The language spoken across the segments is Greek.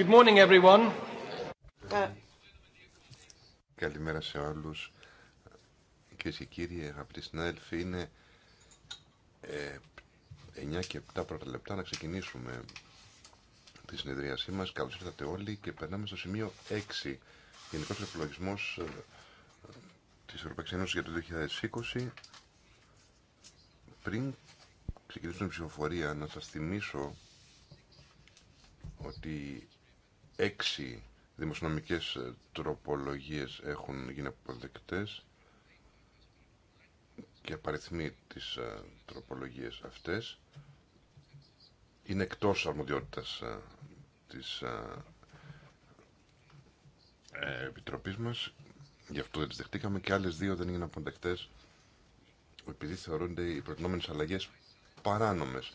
Good morning everyone. Καλημέρα σε όλους. Κυρίε και κύριοι, αγαπητοί συνάδελφοι, είναι 9 ε, και 7 πρώτα λεπτά να ξεκινήσουμε τη συνεδρίασή μας. Καλώς ήρθατε όλοι και περνάμε στο σημείο 6. Γενικό Επιλογισμός ε, της Ευρωπαϊκής Ένωσης για το 2020. Πριν ξεκινήσουμε την ψηφοφορία, να σας θυμίσω ότι Έξι δημοσιονομικές ε, τροπολογίες έχουν γίνει αποδεκτές και απαριθμεί τις ε, τροπολογίες αυτές. Είναι εκτός αρμοδιότητας ε, της Επιτροπής μας, γι' αυτό δεν τις δεχτήκαμε και άλλες δύο δεν είναι αποδεκτές επειδή θεωρούνται οι προτινόμενες αλλαγές παράνομες.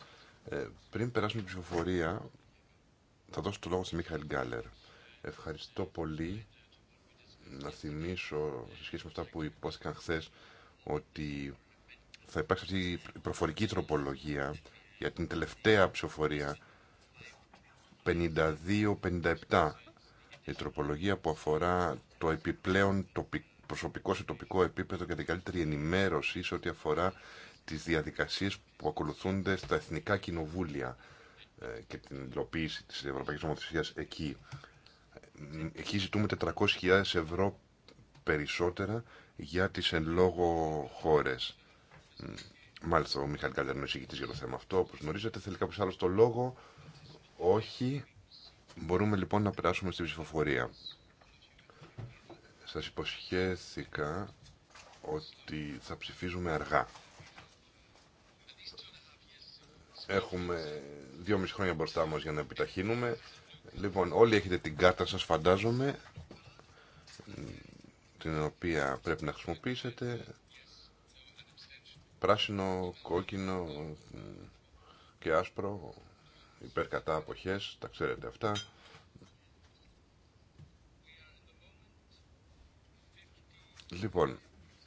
πριν περάσουμε την ψηφοφορία, θα δώσω το λόγο σε Μιχάλ Γκάλερ. Ευχαριστώ πολύ. Να θυμίσω, σε σχέση με αυτά που υπόθηκαν χθε, ότι θα υπάρξει αυτή η προφορική τροπολογία για την τελευταία ψηφοφορία 52-57. Η τροπολογία που αφορά το επιπλέον προσωπικό σε τοπικό επίπεδο και την καλύτερη ενημέρωση σε ό,τι αφορά τις διαδικασίες που ακολουθούνται στα εθνικά κοινοβούλια. Ε, και την υλοποίηση της Ευρωπαϊκής Νομοθεσίας εκεί. Εκεί ζητούμε 400.000 ευρώ περισσότερα για τις εν λόγω χώρες. Μάλιστα, ο Μιχαήλ Καλιανού εισηγητής για το θέμα αυτό, όπως γνωρίζετε. Θέλει κάποιος άλλος το λόγο. Όχι. Μπορούμε λοιπόν να περάσουμε στην ψηφοφορία. Σας υποσχέθηκα ότι θα ψηφίζουμε αργά. Έχουμε δύο μισή χρόνια μπροστά μας για να επιταχύνουμε. Λοιπόν, όλοι έχετε την κάρτα σας φαντάζομαι, την οποία πρέπει να χρησιμοποιήσετε. Πράσινο, κόκκινο και άσπρο, υπερκατά αποχές, τα ξέρετε αυτά. Λοιπόν,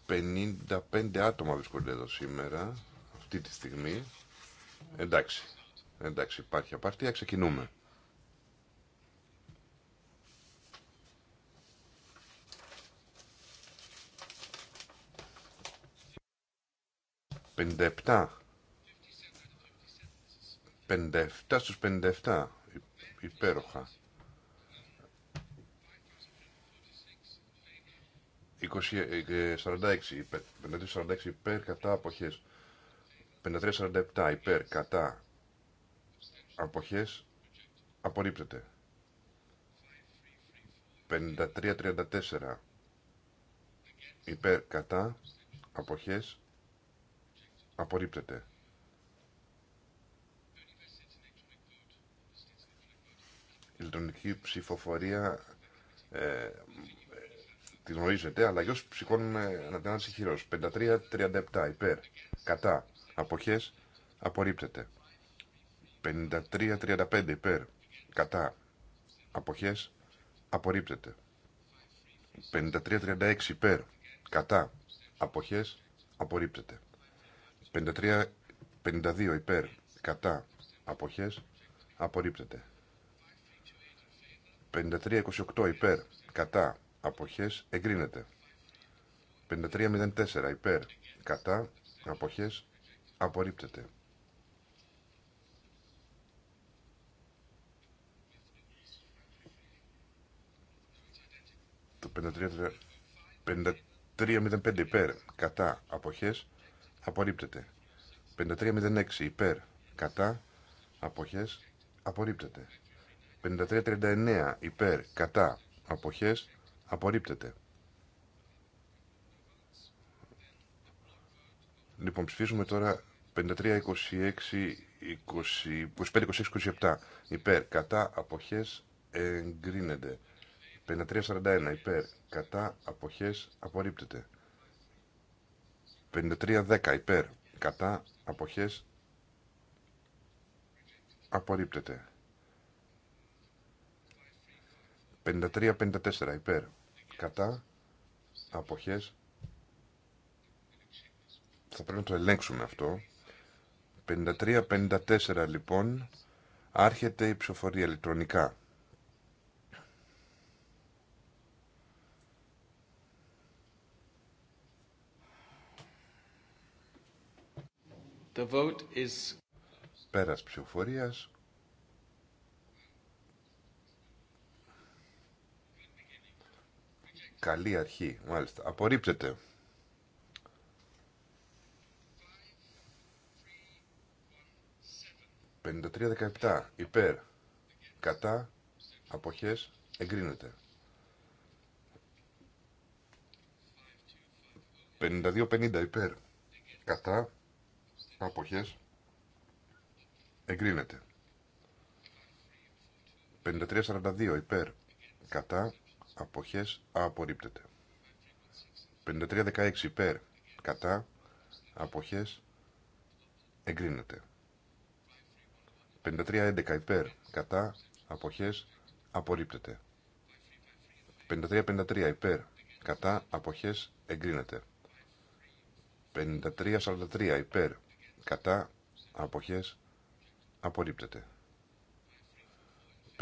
55 άτομα βρίσκονται εδώ σήμερα, αυτή τη στιγμή. Εντάξει. Εντάξει, υπάρχει απαρτία. Ξεκινούμε. Πεντεπτά. 57 στους 57 υπέροχα 20, 46 ε, υπέρ 46 υπέρ κατά αποχές 5347, υπέρ κατά αποχές απορρίπτεται. 53-34 υπέρ κατά αποχές απορρίπτεται. ηλεκτρονική ψηφοφορία ε, τη γνωρίζετε, όσοι ε, αλλιώ την ανατενάση χειρό. 53-37 υπέρ, κατά, αποχές απορρίπτεται. 53-35 υπέρ κατά αποχές απορρίπτεται. 53-36 υπέρ κατά αποχές απορρίπτεται. 53-52 υπέρ κατά αποχές απορρίπτεται. 53-28 υπέρ κατά αποχές εγκρίνεται. 53-04 υπέρ κατά αποχές Απορρίπτεται. Το 53, 5305 υπέρ κατά αποχές απορρίπτεται. 5306 υπέρ κατά αποχές απορρίπτεται. 5339 υπέρ κατά αποχές απορρίπτεται. Λοιπόν, ψηφίζουμε τώρα 53, 26, 25, 26, 27. Υπέρ, κατά, αποχές, εγκρίνεται. 53, 41. Υπέρ, κατά, αποχές, απορρίπτεται. 53, 10. Υπέρ, κατά, αποχές, απορρίπτεται. 53-54 υπέρ. Κατά αποχές θα πρέπει να το ελέγξουμε αυτό. 53-54 λοιπόν άρχεται η ψηφοφορία ηλεκτρονικά. The vote is... Πέρας ψηφοφορίας. Καλή αρχή, μάλιστα. Απορρίπτεται. 53-17 υπέρ κατά αποχές εγκρίνεται. 52-50 υπέρ κατά αποχές εγκρίνεται. 53-42 υπέρ κατά αποχές απορρίπτεται. 53-16 υπέρ κατά αποχές εγκρίνεται. 53-11 υπέρ κατά αποχές απορρίπτεται. 53-53 υπέρ κατά αποχές εγκρίνεται. 53-43 υπέρ κατά αποχές απορρίπτεται.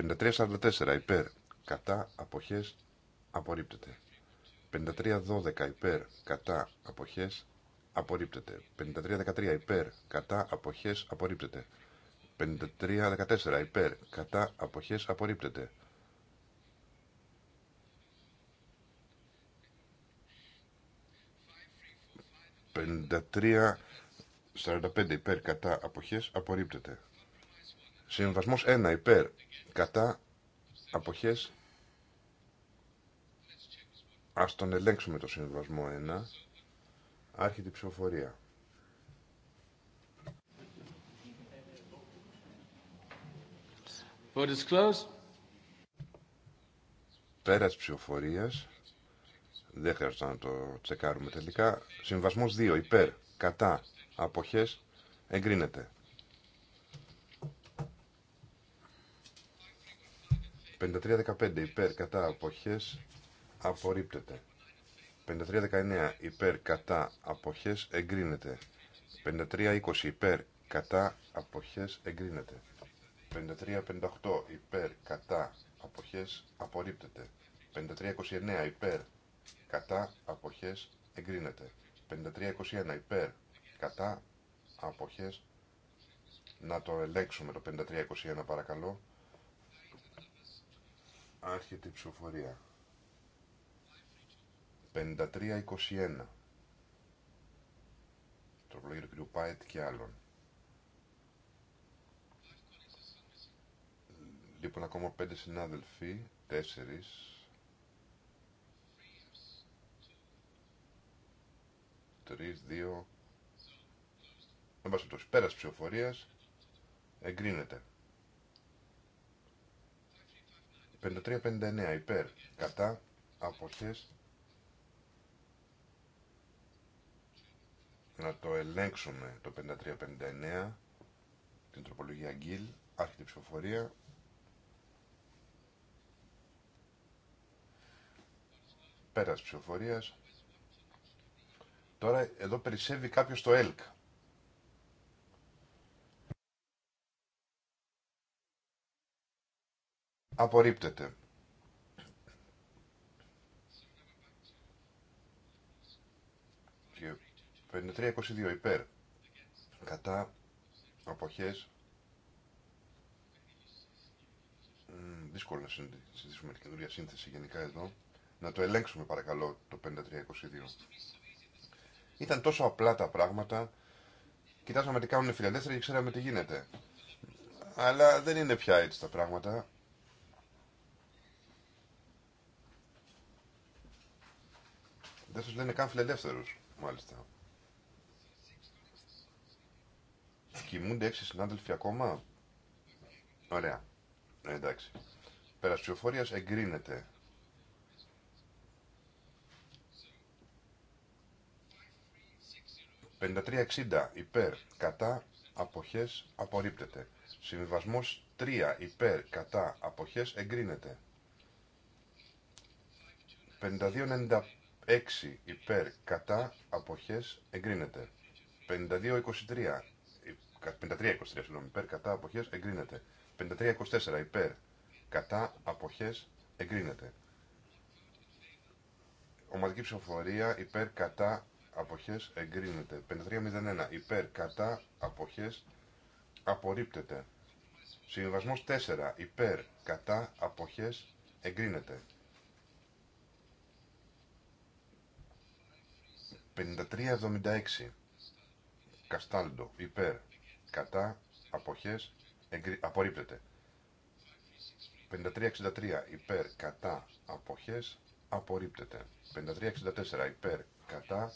53-44 υπέρ κατά αποχές απορρίπτεται. 53-12 υπέρ κατά αποχές απορρίπτεται. 53-13 υπέρ κατά αποχές απορρίπτεται. 53-14 υπέρ κατά αποχές απορρίπτεται. 53-45 υπέρ κατά αποχές απορρίπτεται. Συμβασμός 1 υπέρ κατά αποχές Ας τον ελέγξουμε το συμβασμό 1. Άρχεται η ψηφοφορία. Πέρα is Δεν χρειάζεται να το τσεκάρουμε τελικά. Συμβασμό 2. Υπέρ. Κατά. Αποχές. 5315 53-15. Υπέρ. Κατά. Αποχές. 5319 53-19. Υπέρ. Κατά. Αποχές. 5320 53-20. Υπέρ. Κατά. Αποχές. Εγκρίνεται. 53-58 υπέρ κατά αποχές απορρίπτεται. 53-29 υπέρ κατά αποχές εγκρίνεται. 53-21 υπέρ κατά αποχές να το ελέγξουμε το 53-21 παρακαλώ. Άρχεται η ψηφοφορία. 53-21 τροπολογία του κ. Πάετ και άλλων. Λοιπόν, ακόμα πέντε συνάδελφοι, τέσσερις. Τρεις, δύο. Εν πάση πέρα πέρας ψηφοφορίας εγκρίνεται. 53-59 υπέρ, κατά, αποχές. Να το ελέγξουμε το 53-59, την τροπολογία Γκίλ, άρχιτη ψηφοφορία, Πέρας ψηφοφορίας. Τώρα εδώ περισσεύει κάποιος το ΕΛΚ. Απορρίπτεται. Και 53-22 υπέρ. Κατά αποχές. δύσκολο να συζητήσουμε και καινούργια σύνθεση γενικά εδώ. Να το ελέγξουμε παρακαλώ το 5322. Ήταν τόσο απλά τα πράγματα. Κοιτάζαμε τι κάνουν οι φιλελεύθεροι και ξέραμε τι γίνεται. Αλλά δεν είναι πια έτσι τα πράγματα. Δεν σας λένε καν φιλελεύθερους, μάλιστα. Κοιμούνται έξι συνάδελφοι ακόμα. Ωραία. Ε, εντάξει. Πέρας εγκρίνεται 5360 υπέρ κατά αποχές απορρίπτεται. Συμβιβασμός 3 υπέρ κατά αποχές εγκρίνεται. 5296 υπέρ κατά αποχές εγκρίνεται. 5223 53-23 συγγνώμη, υπέρ κατά αποχές εγκρίνεται. 53-24 υπέρ κατά αποχές εγκρίνεται. Ομαδική ψηφοφορία υπέρ κατά αποχές εγκρίνεται. 5301 υπέρ κατά αποχές απορρίπτεται. Συμβασμός 4 υπέρ κατά αποχές εγκρίνεται. 5376 Καστάλντο υπέρ κατά αποχές εγκρι... απορρίπτεται. 5363 υπέρ κατά αποχές απορρίπτεται. 5364 υπέρ κατά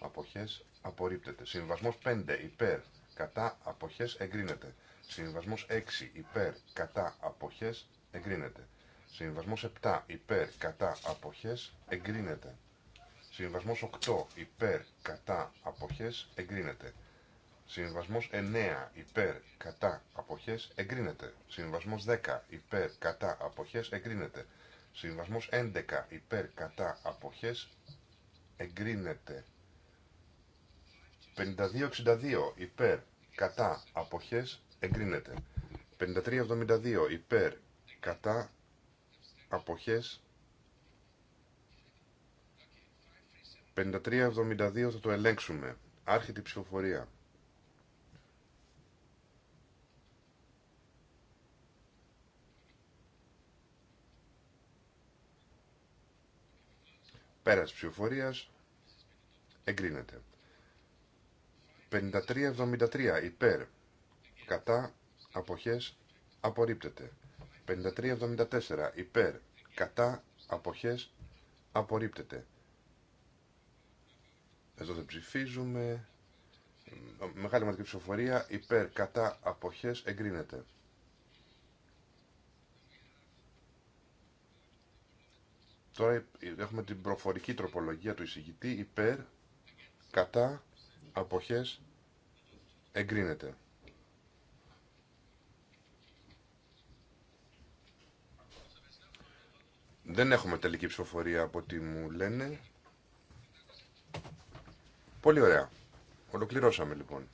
αποχές απορρίπτεται. Συμβασμός 5 υπέρ κατά αποχές εγκρίνεται. Συμβασμός 6 υπέρ κατά αποχές εγκρίνεται. Συμβασμός 7 υπέρ κατά αποχές εγκρίνεται. Συμβασμός 8 υπέρ κατά αποχές εγκρίνεται. Συμβασμός 9 υπέρ κατά αποχές εγκρίνεται. Συμβασμός 10 υπέρ κατά αποχές εγκρίνεται. Συμβασμός 11 υπέρ κατά αποχές εγκρίνεται. 52-62 υπέρ κατά αποχές εγκρίνεται. 53-72 υπέρ κατά αποχές 53-72 θα το ελέγξουμε. Άρχεται η ψηφοφορία. Πέρας ψηφοφορίας εγκρίνεται. 5373 υπέρ κατά αποχές απορρίπτεται. 5374 υπέρ κατά αποχές απορρίπτεται. Εδώ δεν ψηφίζουμε. Μεγάλη μαθητική ψηφοφορία υπέρ κατά αποχές εγκρίνεται. Τώρα έχουμε την προφορική τροπολογία του εισηγητή υπέρ κατά αποχές εγκρίνεται. Δεν έχουμε τελική ψηφοφορία από ό,τι μου λένε. Πολύ ωραία. Ολοκληρώσαμε λοιπόν.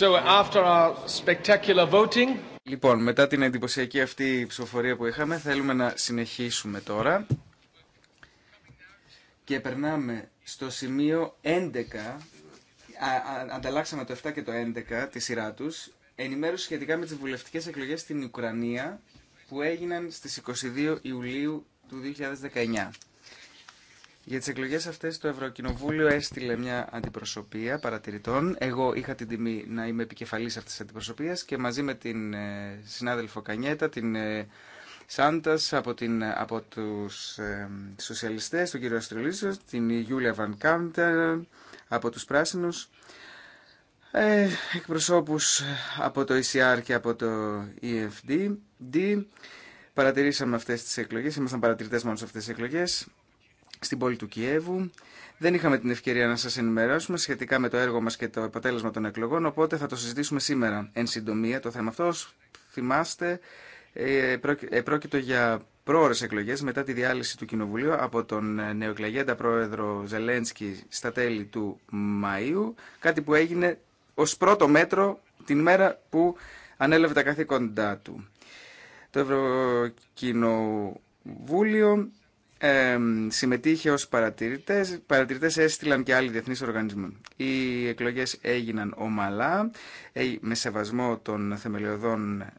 So after our spectacular voting... Λοιπόν, μετά την εντυπωσιακή αυτή ψηφοφορία που είχαμε, θέλουμε να συνεχίσουμε τώρα. Και περνάμε στο σημείο 11. Ανταλλάξαμε το 7 και το 11 τη σειρά του. Ενημέρωση σχετικά με τι βουλευτικέ εκλογέ στην Ουκρανία που έγιναν στι 22 Ιουλίου του 2019. Για τις εκλογές αυτές το Ευρωκοινοβούλιο έστειλε μια αντιπροσωπεία παρατηρητών. Εγώ είχα την τιμή να είμαι επικεφαλής αυτής της αντιπροσωπείας και μαζί με την ε, συνάδελφο Κανιέτα, την ε, Σάντας από, την, από τους ε, σοσιαλιστές, τον κύριο Αστρολίσο, την Γιούλια Βαν από τους Πράσινους, ε, εκπροσώπους από το ECR και από το EFD. Παρατηρήσαμε αυτές τις εκλογές, ήμασταν παρατηρητές μόνο σε αυτές τις εκλογές στην πόλη του Κιέβου. Δεν είχαμε την ευκαιρία να σας ενημερώσουμε σχετικά με το έργο μας και το αποτέλεσμα των εκλογών, οπότε θα το συζητήσουμε σήμερα εν συντομία το θέμα αυτό. Θυμάστε, ε, ε, πρόκειτο για πρόορες εκλογές μετά τη διάλυση του Κοινοβουλίου από τον ε, νεοεκλεγέντα πρόεδρο Ζελένσκι στα τέλη του Μαΐου, κάτι που έγινε ω πρώτο μέτρο την μέρα που ανέλαβε τα καθήκοντά του. Το Ευρωκοινοβούλιο ε, συμμετείχε ως παρατηρητές. Παρατηρητές έστειλαν και άλλοι διεθνείς οργανισμοί. Οι εκλογές έγιναν ομαλά, ε, με σεβασμό των θεμελιωδών ε,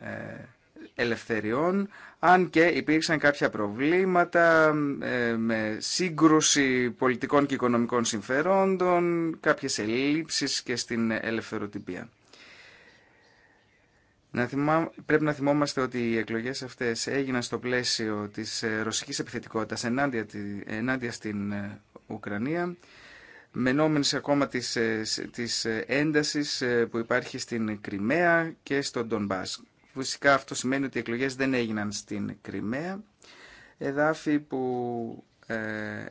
ελευθεριών, αν και υπήρξαν κάποια προβλήματα ε, με σύγκρουση πολιτικών και οικονομικών συμφερόντων, κάποιες ελλείψεις και στην ελευθεροτυπία. Να Πρέπει να θυμόμαστε ότι οι εκλογές αυτές έγιναν στο πλαίσιο της ε, ρωσικής επιθετικότητας ενάντια, τη... ενάντια στην ε, Ουκρανία, μενόμενης ακόμα της, ε, της έντασης που υπάρχει στην Κρυμαία και στον Ντονμπάς. Φυσικά αυτό σημαίνει ότι οι εκλογές δεν έγιναν στην Κρυμαία, εδάφη που ε,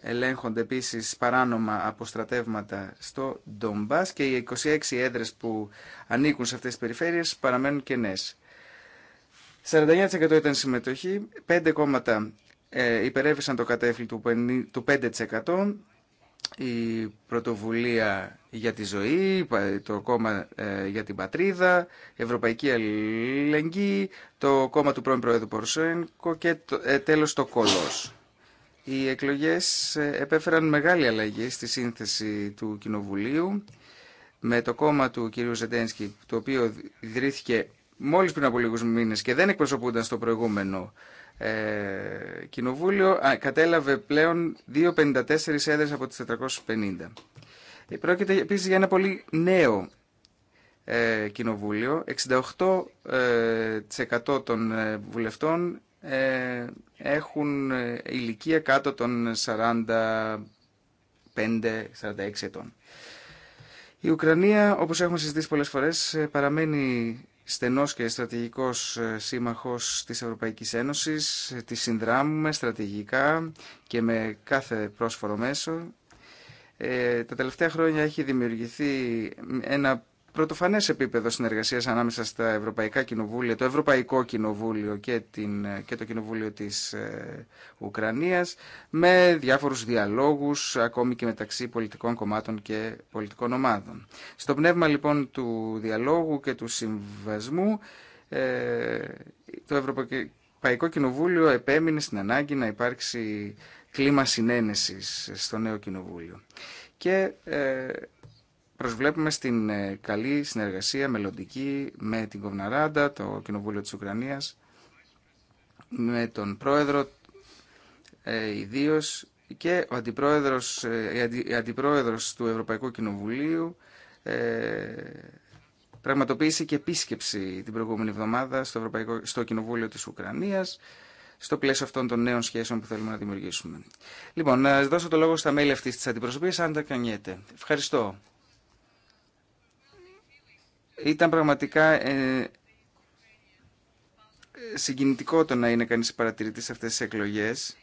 ελέγχονται επίσης παράνομα από στρατεύματα στο Ντομπάς και οι 26 έδρες που ανήκουν σε αυτές τις περιφέρειες παραμένουν κενές. 49% ήταν συμμετοχή, 5 κόμματα ε, υπερέβησαν το κατέφυλλο του 5%, η πρωτοβουλία για τη ζωή, το κόμμα ε, για την πατρίδα, η Ευρωπαϊκή Αλληλεγγύη, το κόμμα του πρώην Πρόεδρου Πορσένκο και τέλος το Κολός. Οι εκλογές ε, επέφεραν μεγάλη αλλαγή στη σύνθεση του Κοινοβουλίου με το κόμμα του κ. Ζεντένσκι, το οποίο ιδρύθηκε μόλις πριν από λίγους μήνες και δεν εκπροσωπούνταν στο προηγούμενο ε, κοινοβούλιο, α, κατέλαβε πλέον 2,54 έδρες από τις 450. Πρόκειται επίσης για ένα πολύ νέο ε, κοινοβούλιο. 68% ε, των ε, βουλευτών ε, έχουν ε, ηλικία κάτω των 45-46 ετών. Η Ουκρανία, όπως έχουμε συζητήσει πολλές φορές, ε, παραμένει στενός και στρατηγικός σύμμαχος της Ευρωπαϊκής Ένωσης. Τη συνδράμουμε στρατηγικά και με κάθε πρόσφορο μέσο. τα τελευταία χρόνια έχει δημιουργηθεί ένα πρωτοφανέ επίπεδο συνεργασία ανάμεσα στα Ευρωπαϊκά Κοινοβούλια, το Ευρωπαϊκό Κοινοβούλιο και, την, το Κοινοβούλιο τη ε, Ουκρανία, με διάφορου διαλόγου, ακόμη και μεταξύ πολιτικών κομμάτων και πολιτικών ομάδων. Στο πνεύμα λοιπόν του διαλόγου και του συμβασμού, ε, το Ευρωπαϊκό Κοινοβούλιο επέμεινε στην ανάγκη να υπάρξει κλίμα συνένεσης στο νέο Κοινοβούλιο. Και ε, προσβλέπουμε στην ε, καλή συνεργασία μελλοντική με την Κοβναράντα, το Κοινοβούλιο της Ουκρανίας, με τον Πρόεδρο ε, ιδίω και ο αντιπρόεδρος, ε, αντιπρόεδρος του Ευρωπαϊκού Κοινοβουλίου ε, πραγματοποίησε και επίσκεψη την προηγούμενη εβδομάδα στο, Ευρωπαϊκό, στο Κοινοβούλιο της Ουκρανίας στο πλαίσιο αυτών των νέων σχέσεων που θέλουμε να δημιουργήσουμε. Λοιπόν, να δώσω το λόγο στα μέλη αυτής της αντιπροσωπής αν τα κανιέται. Ευχαριστώ. Ήταν πραγματικά ε, συγκινητικό το να είναι κανείς παρατηρητής σε αυτές τις εκλογές.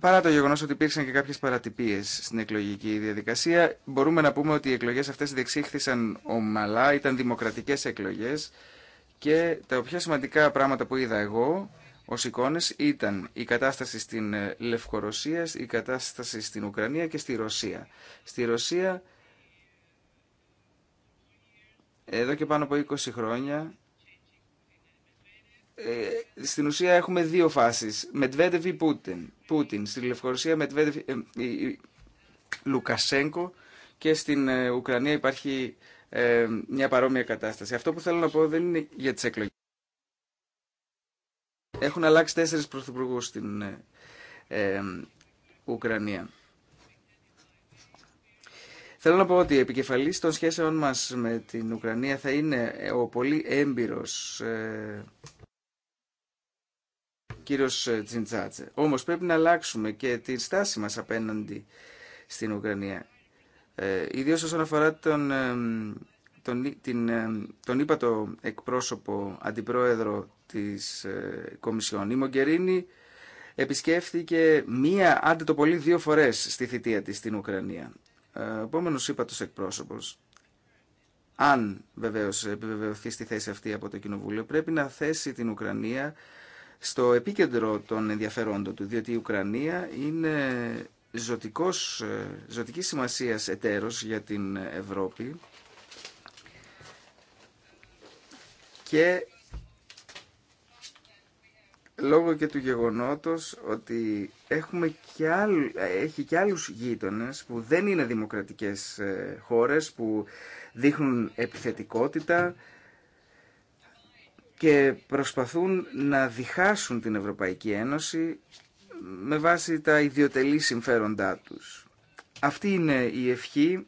Παρά το γεγονός ότι υπήρξαν και κάποιες παρατυπίες στην εκλογική διαδικασία, μπορούμε να πούμε ότι οι εκλογές αυτές διεξήχθησαν ομαλά, ήταν δημοκρατικές εκλογές και τα πιο σημαντικά πράγματα που είδα εγώ ω εικόνε ήταν η κατάσταση στην ε, Λευκορωσία, η κατάσταση στην Ουκρανία και στη Ρωσία. Στη Ρωσία εδώ και πάνω από 20 χρόνια ε, στην ουσία έχουμε δύο φάσεις. Μετβέντεβ ή Πούτιν. Πούτιν. Στη Λευκορωσία Μετβέντεβ, ε, Λουκασέγκο και στην ε, Ουκρανία υπάρχει ε, μια παρόμοια κατάσταση. Αυτό που θέλω να πω δεν είναι για τις εκλογές. Έχουν αλλάξει τέσσερις πρωθυπουργούς στην Ουκρανία. Θέλω να πω ότι η επικεφαλής των σχέσεων μας με την Ουκρανία θα είναι ο πολύ έμπειρο. ε, κύριος Τζιντζάτσε. Όμως πρέπει να αλλάξουμε και τη στάση μας απέναντι στην Ουκρανία. Ε, ιδίως όσον αφορά τον, ε, τον, την, ε, τον ύπατο εκπρόσωπο αντιπρόεδρο της ε, Κομισιόν. Η Μογκερίνη επισκέφθηκε μία, άντε το πολύ δύο φορές στη θητεία της στην Ουκρανία. Ε, επόμενο ύπατο εκπρόσωπο. αν βεβαίω επιβεβαιωθεί στη θέση αυτή από το Κοινοβούλιο, πρέπει να θέσει την Ουκρανία στο επίκεντρο των ενδιαφερόντων του, διότι η Ουκρανία είναι ζωτικός, ε, ζωτικής σημασίας εταίρος για την Ευρώπη και λόγω και του γεγονότος ότι έχουμε και έχει και άλλους γείτονες που δεν είναι δημοκρατικές ε, χώρες, που δείχνουν επιθετικότητα και προσπαθούν να διχάσουν την Ευρωπαϊκή Ένωση με βάση τα ιδιωτελή συμφέροντά τους. Αυτή είναι η ευχή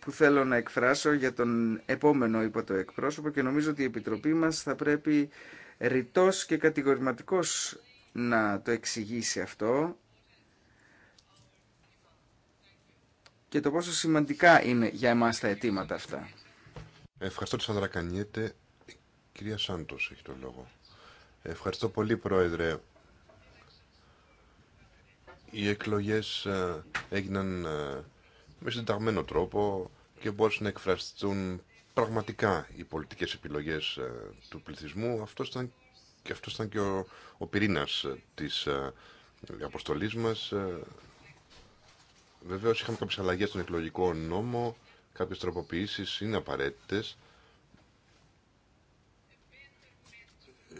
που θέλω να εκφράσω για τον επόμενο υπό το εκπρόσωπο και νομίζω ότι η Επιτροπή μας θα πρέπει ρητός και κατηγορηματικός να το εξηγήσει αυτό και το πόσο σημαντικά είναι για εμάς τα αιτήματα αυτά. Ευχαριστώ τη Σανδρακανιέτε. Κυρία Σάντος έχει το λόγο. Ευχαριστώ πολύ Πρόεδρε. Οι εκλογές ε, έγιναν ε, με συνταγμένο τρόπο και μπορούσαν να εκφραστούν πραγματικά οι πολιτικές επιλογές ε, του πληθυσμού. Αυτός ήταν, και αυτός ήταν και ο, ο πυρήνας ε, της ε, αποστολής μας. Βεβαίως είχαμε κάποιες αλλαγές στον εκλογικό νόμο, κάποιες τροποποιήσεις είναι απαραίτητες.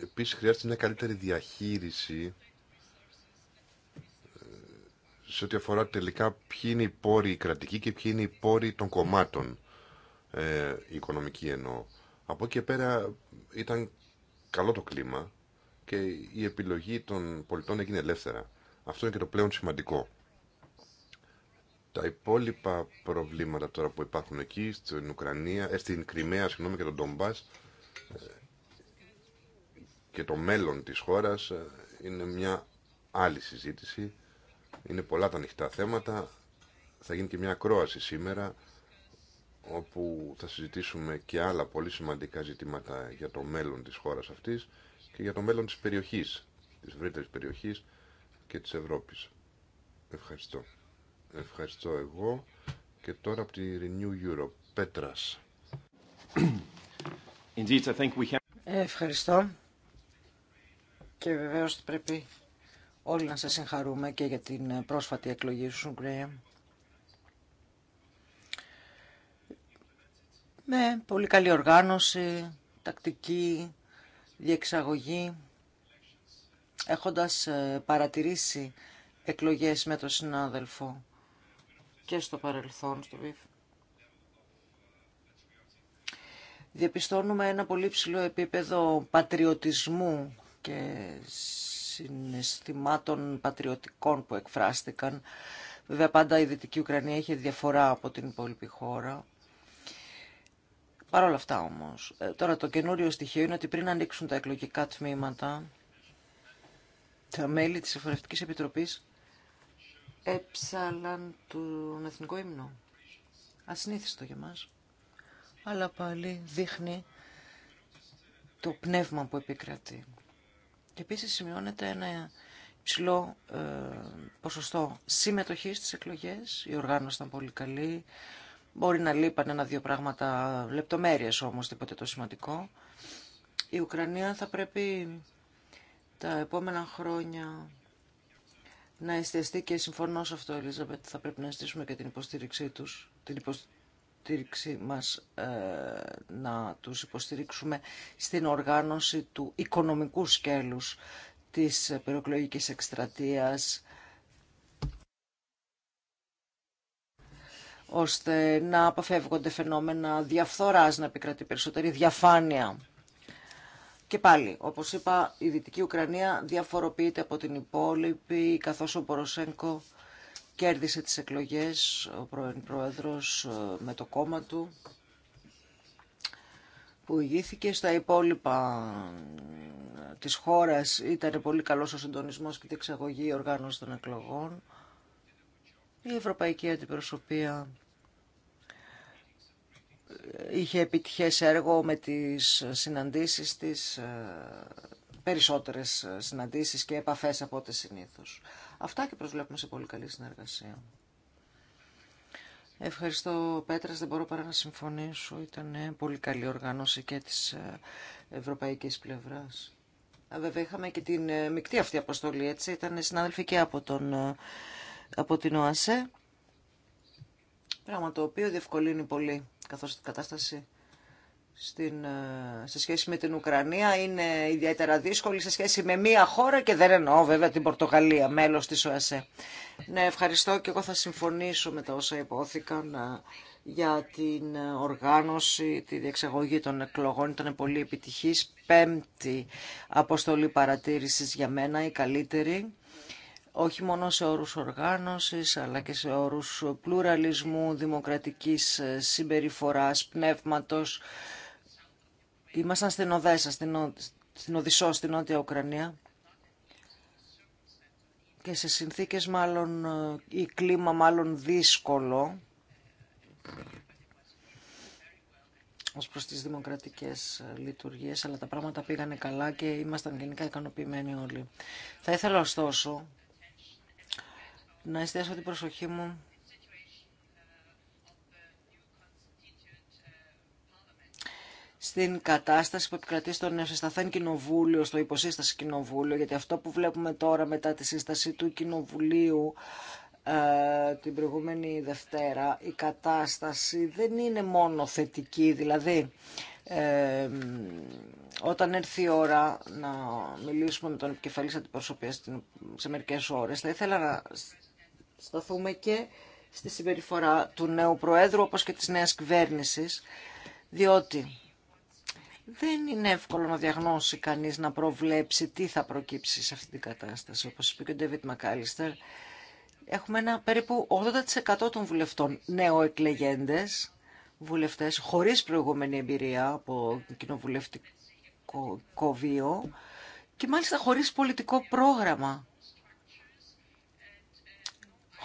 Επίσης χρειάζεται μια καλύτερη διαχείριση σε ό,τι αφορά τελικά ποιοι είναι οι πόροι κρατικοί και ποιοι είναι οι πόροι των κομμάτων ε, οικονομική εννοώ. Από εκεί και πέρα ήταν καλό το κλίμα και η επιλογή των πολιτών έγινε ελεύθερα. Αυτό είναι και το πλέον σημαντικό. Τα υπόλοιπα προβλήματα τώρα που υπάρχουν εκεί, στην Ουκρανία, ε, στην Κρυμαία, συγγνώμη, και τον Ντομπάς, ε, και το μέλλον της χώρας ε, είναι μια άλλη συζήτηση. Είναι πολλά τα ανοιχτά θέματα. Θα γίνει και μια ακρόαση σήμερα όπου θα συζητήσουμε και άλλα πολύ σημαντικά ζητήματα για το μέλλον της χώρας αυτής και για το μέλλον της περιοχής, της ευρύτερη περιοχής και της Ευρώπης. Ευχαριστώ. Ευχαριστώ εγώ και τώρα από τη Renew Europe, Πέτρας. Ευχαριστώ και βεβαίως πρέπει όλοι να σας συγχαρούμε και για την πρόσφατη εκλογή σου, Γκρέαμ με πολύ καλή οργάνωση, τακτική, διεξαγωγή, έχοντας ε, παρατηρήσει εκλογές με τον συνάδελφο και στο παρελθόν στο ΒΙΦ. Διαπιστώνουμε ένα πολύ ψηλό επίπεδο πατριωτισμού και συναισθημάτων πατριωτικών που εκφράστηκαν. Βέβαια πάντα η Δυτική Ουκρανία είχε διαφορά από την υπόλοιπη χώρα. Παρ' όλα αυτά όμως, ε, τώρα το καινούριο στοιχείο είναι ότι πριν ανοίξουν τα εκλογικά τμήματα, τα μέλη της Εφορευτικής Επιτροπής έψαλαν τον Εθνικό Ύμνο. Ασυνήθιστο για μας. Αλλά πάλι δείχνει το πνεύμα που επικρατεί. Και επίσης σημειώνεται ένα υψηλό ε, ποσοστό συμμετοχής στις εκλογές. Η οργάνωση ήταν πολύ καλή. Μπορεί να λείπαν ένα-δύο πράγματα, λεπτομέρειες όμως, τίποτε το σημαντικό. Η Ουκρανία θα πρέπει τα επόμενα χρόνια να εστιαστεί και συμφωνώ σε αυτό, Ελίζαμπετ, θα πρέπει να εστίσουμε και την υποστήριξή τους, την υποστήριξη μας, ε, να τους υποστηρίξουμε στην οργάνωση του οικονομικού σκέλους της περιοκλογικής εκστρατείας, ώστε να αποφεύγονται φαινόμενα διαφθοράς, να επικρατεί περισσότερη διαφάνεια. Και πάλι, όπως είπα, η Δυτική Ουκρανία διαφοροποιείται από την υπόλοιπη, καθώς ο Ποροσέγκο κέρδισε τις εκλογές, ο πρώην πρόεδρος ε, με το κόμμα του, που ηγήθηκε στα υπόλοιπα ε, της χώρας. Ήταν πολύ καλός ο συντονισμός και η εξαγωγή οργάνωση των εκλογών η Ευρωπαϊκή Αντιπροσωπεία είχε επιτυχές έργο με τις συναντήσεις της, ε, περισσότερες συναντήσεις και επαφές από ό,τι συνήθως. Αυτά και προσβλέπουμε σε πολύ καλή συνεργασία. Ευχαριστώ Πέτρας, δεν μπορώ παρά να συμφωνήσω. Ήταν ε, πολύ καλή οργάνωση και της ε, ευρωπαϊκής πλευράς. Βέβαια είχαμε και την μεικτή αυτή αποστολή, έτσι. Ήταν συνάδελφοι και από τον από την ΟΑΣΕ, πράγμα το οποίο διευκολύνει πολύ καθώς η κατάσταση στην, ε, σε σχέση με την Ουκρανία είναι ιδιαίτερα δύσκολη σε σχέση με μία χώρα και δεν εννοώ βέβαια την Πορτογαλία, μέλος της ΟΑΣΕ. Ναι, ευχαριστώ και εγώ θα συμφωνήσω με τα όσα υπόθηκαν ε, για την οργάνωση, τη διεξαγωγή των εκλογών. Ήταν πολύ επιτυχής. Πέμπτη αποστολή παρατήρησης για μένα, η καλύτερη όχι μόνο σε όρους οργάνωσης, αλλά και σε όρους πλουραλισμού, δημοκρατικής ε, συμπεριφοράς, πνεύματος. Ήμασταν στην Οδέσα, στην, Ο... στην Οδυσσό, στην Νότια Ουκρανία και σε συνθήκες μάλλον ε, ή κλίμα μάλλον δύσκολο ως προς τις δημοκρατικές ε, λειτουργίες, αλλά τα πράγματα πήγανε καλά και ήμασταν γενικά ικανοποιημένοι όλοι. Θα ήθελα ωστόσο να εστιάσω την προσοχή μου στην κατάσταση που επικρατεί στο νεοσυσταθέν κοινοβούλιο, στο υποσύσταση κοινοβούλιο, γιατί αυτό που βλέπουμε τώρα μετά τη σύσταση του κοινοβουλίου ε, την προηγούμενη Δευτέρα, η κατάσταση δεν είναι μόνο θετική, δηλαδή ε, όταν έρθει η ώρα να μιλήσουμε με τον επικεφαλής αντιπροσωπή σε μερικές ώρες, θα ήθελα να σταθούμε και στη συμπεριφορά του νέου Προέδρου όπως και της νέας κυβέρνησης, διότι δεν είναι εύκολο να διαγνώσει κανείς να προβλέψει τι θα προκύψει σε αυτή την κατάσταση. Όπως είπε και ο Ντέβιτ Μακάλιστερ, έχουμε ένα περίπου 80% των βουλευτών εκλεγέντες βουλευτές χωρίς προηγούμενη εμπειρία από κοινοβουλευτικό βίο και μάλιστα χωρίς πολιτικό πρόγραμμα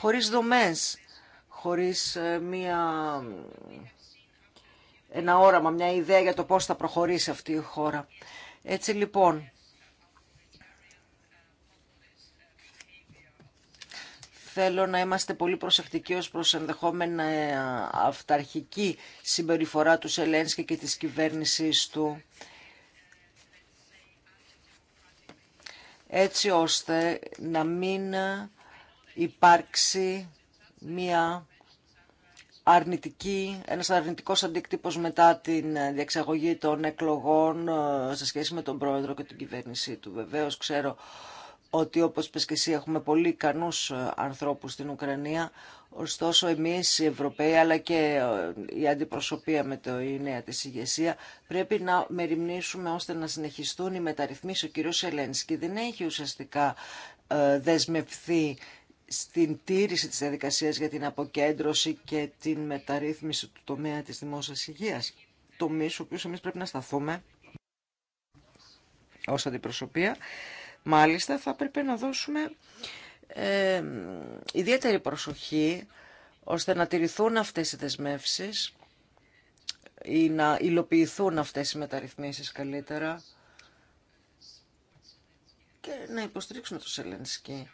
χωρίς δομές, χωρίς ε, μια, ένα όραμα, μια ιδέα για το πώς θα προχωρήσει αυτή η χώρα. Έτσι λοιπόν, θέλω να είμαστε πολύ προσεκτικοί ως προς ενδεχόμενα ε, αυταρχική συμπεριφορά του Σελένσκη και της κυβέρνησής του. Έτσι ώστε να μην υπάρξει μια αρνητική, ένας αρνητικός αντίκτυπος μετά την διαξαγωγή των εκλογών ε, σε σχέση με τον πρόεδρο και την κυβέρνησή του. Βεβαίως ξέρω ότι όπως πες και εσύ έχουμε πολύ ικανούς ε, ανθρώπους στην Ουκρανία, ωστόσο εμείς οι Ευρωπαίοι αλλά και ε, η αντιπροσωπεία με το η νέα της ηγεσία πρέπει να μεριμνήσουμε ώστε να συνεχιστούν οι μεταρρυθμίσεις. Ο κ. Σελένσκι δεν έχει ουσιαστικά δεσμευθεί στην τήρηση της διαδικασίας για την αποκέντρωση και την μεταρρύθμιση του τομέα της δημόσιας υγείας. Τομείς ο οποίο εμείς πρέπει να σταθούμε ως αντιπροσωπεία. Μάλιστα θα πρέπει να δώσουμε ε, ιδιαίτερη προσοχή ώστε να τηρηθούν αυτές οι δεσμεύσεις ή να υλοποιηθούν αυτές οι μεταρρυθμίσεις καλύτερα και να υποστηρίξουμε το Σελενσκή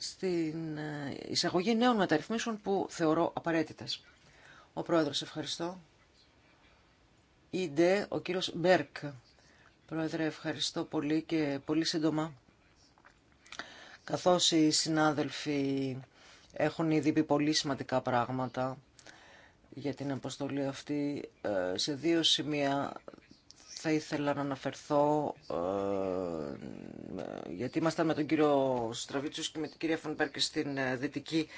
στην ε, εισαγωγή νέων μεταρρυθμίσεων που θεωρώ απαραίτητες. Ο Πρόεδρος, ευχαριστώ. Ιντε, ο κύριος Μπέρκ. Πρόεδρε, ευχαριστώ πολύ και πολύ σύντομα. Καθώς οι συνάδελφοι έχουν ήδη πει πολύ σημαντικά πράγματα για την αποστολή αυτή, ε, σε δύο σημεία θα ήθελα να αναφερθώ, ε, γιατί ήμασταν με τον κύριο Στραβίτσιος και με την κυρία Φονπέρκ στην ε, Δυτική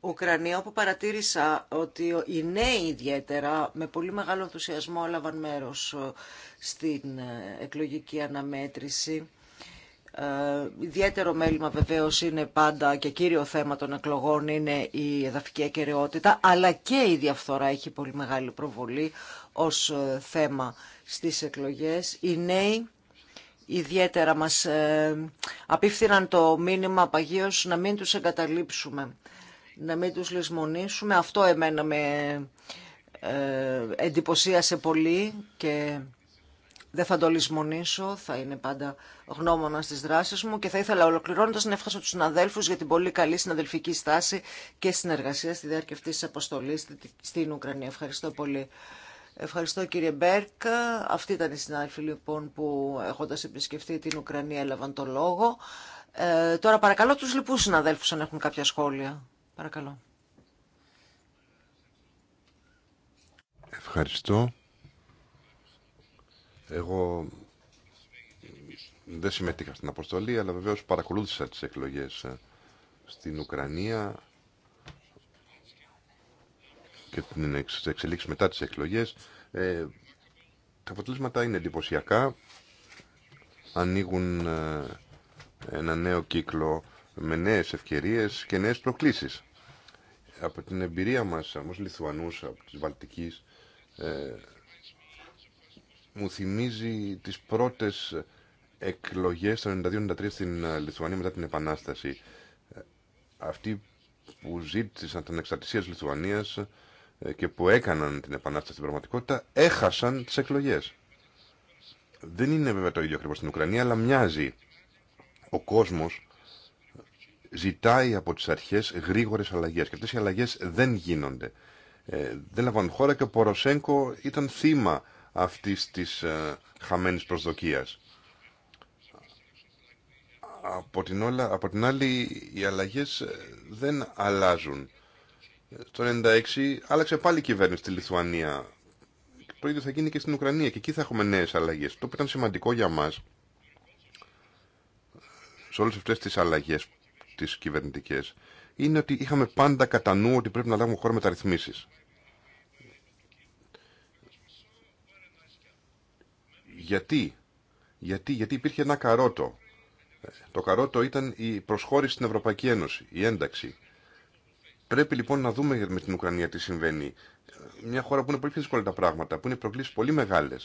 Ουκρανία, όπου παρατήρησα ότι οι νέοι ιδιαίτερα με πολύ μεγάλο ενθουσιασμό έλαβαν μέρος ε, στην εκλογική αναμέτρηση. Ε, ιδιαίτερο μέλημα βεβαίως είναι πάντα και κύριο θέμα των εκλογών είναι η εδαφική ακαιρεότητα αλλά και η διαφθορά έχει πολύ μεγάλη προβολή ως ε, θέμα στις εκλογές. Οι νέοι ιδιαίτερα μας ε, απίφθηναν το μήνυμα παγίως να μην τους εγκαταλείψουμε, να μην τους λησμονήσουμε. Αυτό εμένα με ε, εντυπωσίασε πολύ και δεν θα το λησμονήσω, θα είναι πάντα γνώμονα στις δράσεις μου και θα ήθελα ολοκληρώνοντας να ευχαριστώ του συναδέλφου για την πολύ καλή συναδελφική στάση και συνεργασία στη διάρκεια αυτή τη αποστολή στην Ουκρανία. Ευχαριστώ πολύ. Ευχαριστώ κύριε Μπέρκ. Αυτή ήταν η συνάδελφοι λοιπόν που έχοντας επισκεφτεί την Ουκρανία έλαβαν το λόγο. Ε, τώρα παρακαλώ τους λοιπούς συναδέλφους αν έχουν κάποια σχόλια. Παρακαλώ. Ευχαριστώ. Εγώ δεν συμμετείχα στην αποστολή, αλλά βεβαίως παρακολούθησα τις εκλογές ε, στην Ουκρανία και την εξελίξει μετά τις εκλογές. Ε, τα αποτελέσματα είναι εντυπωσιακά. Ανοίγουν ε, ένα νέο κύκλο με νέες ευκαιρίες και νέες προκλήσεις. Από την εμπειρία μας, όμως Λιθουανούς, από της Βαλτικής, ε, μου θυμίζει τις πρώτες εκλογές το 1992-1993 στην ε, Λιθουανία μετά την Επανάσταση. Αυτοί που ζήτησαν την εξαρτησία της Λιθουανίας ε, και που έκαναν την επανάσταση στην πραγματικότητα έχασαν τις εκλογές. Δεν είναι βέβαια το ίδιο ακριβώς στην Ουκρανία, αλλά μοιάζει. Ο κόσμος ζητάει από τις αρχές γρήγορες αλλαγές και αυτές οι αλλαγές δεν γίνονται. Ε, δεν λαμβάνουν χώρα και ο Ποροσέγκο ήταν θύμα αυτής της ε, χαμένης προσδοκίας. Από την, όλα, από την άλλη οι αλλαγές ε, δεν αλλάζουν το 1996 άλλαξε πάλι η κυβέρνηση στη Λιθουανία. Το ίδιο θα γίνει και στην Ουκρανία και εκεί θα έχουμε νέες αλλαγές. Το που ήταν σημαντικό για μας σε όλες αυτές τις αλλαγές τις κυβερνητικές είναι ότι είχαμε πάντα κατά νου ότι πρέπει να λάβουμε χώρο μεταρρυθμίσεις. Γιατί, γιατί, γιατί υπήρχε ένα καρότο. Το καρότο ήταν η προσχώρηση στην Ευρωπαϊκή Ένωση, η ένταξη. Πρέπει λοιπόν να δούμε με την Ουκρανία τι συμβαίνει. Μια χώρα που είναι πολύ πιο δύσκολα τα πράγματα, που είναι προκλήσει πολύ μεγάλε.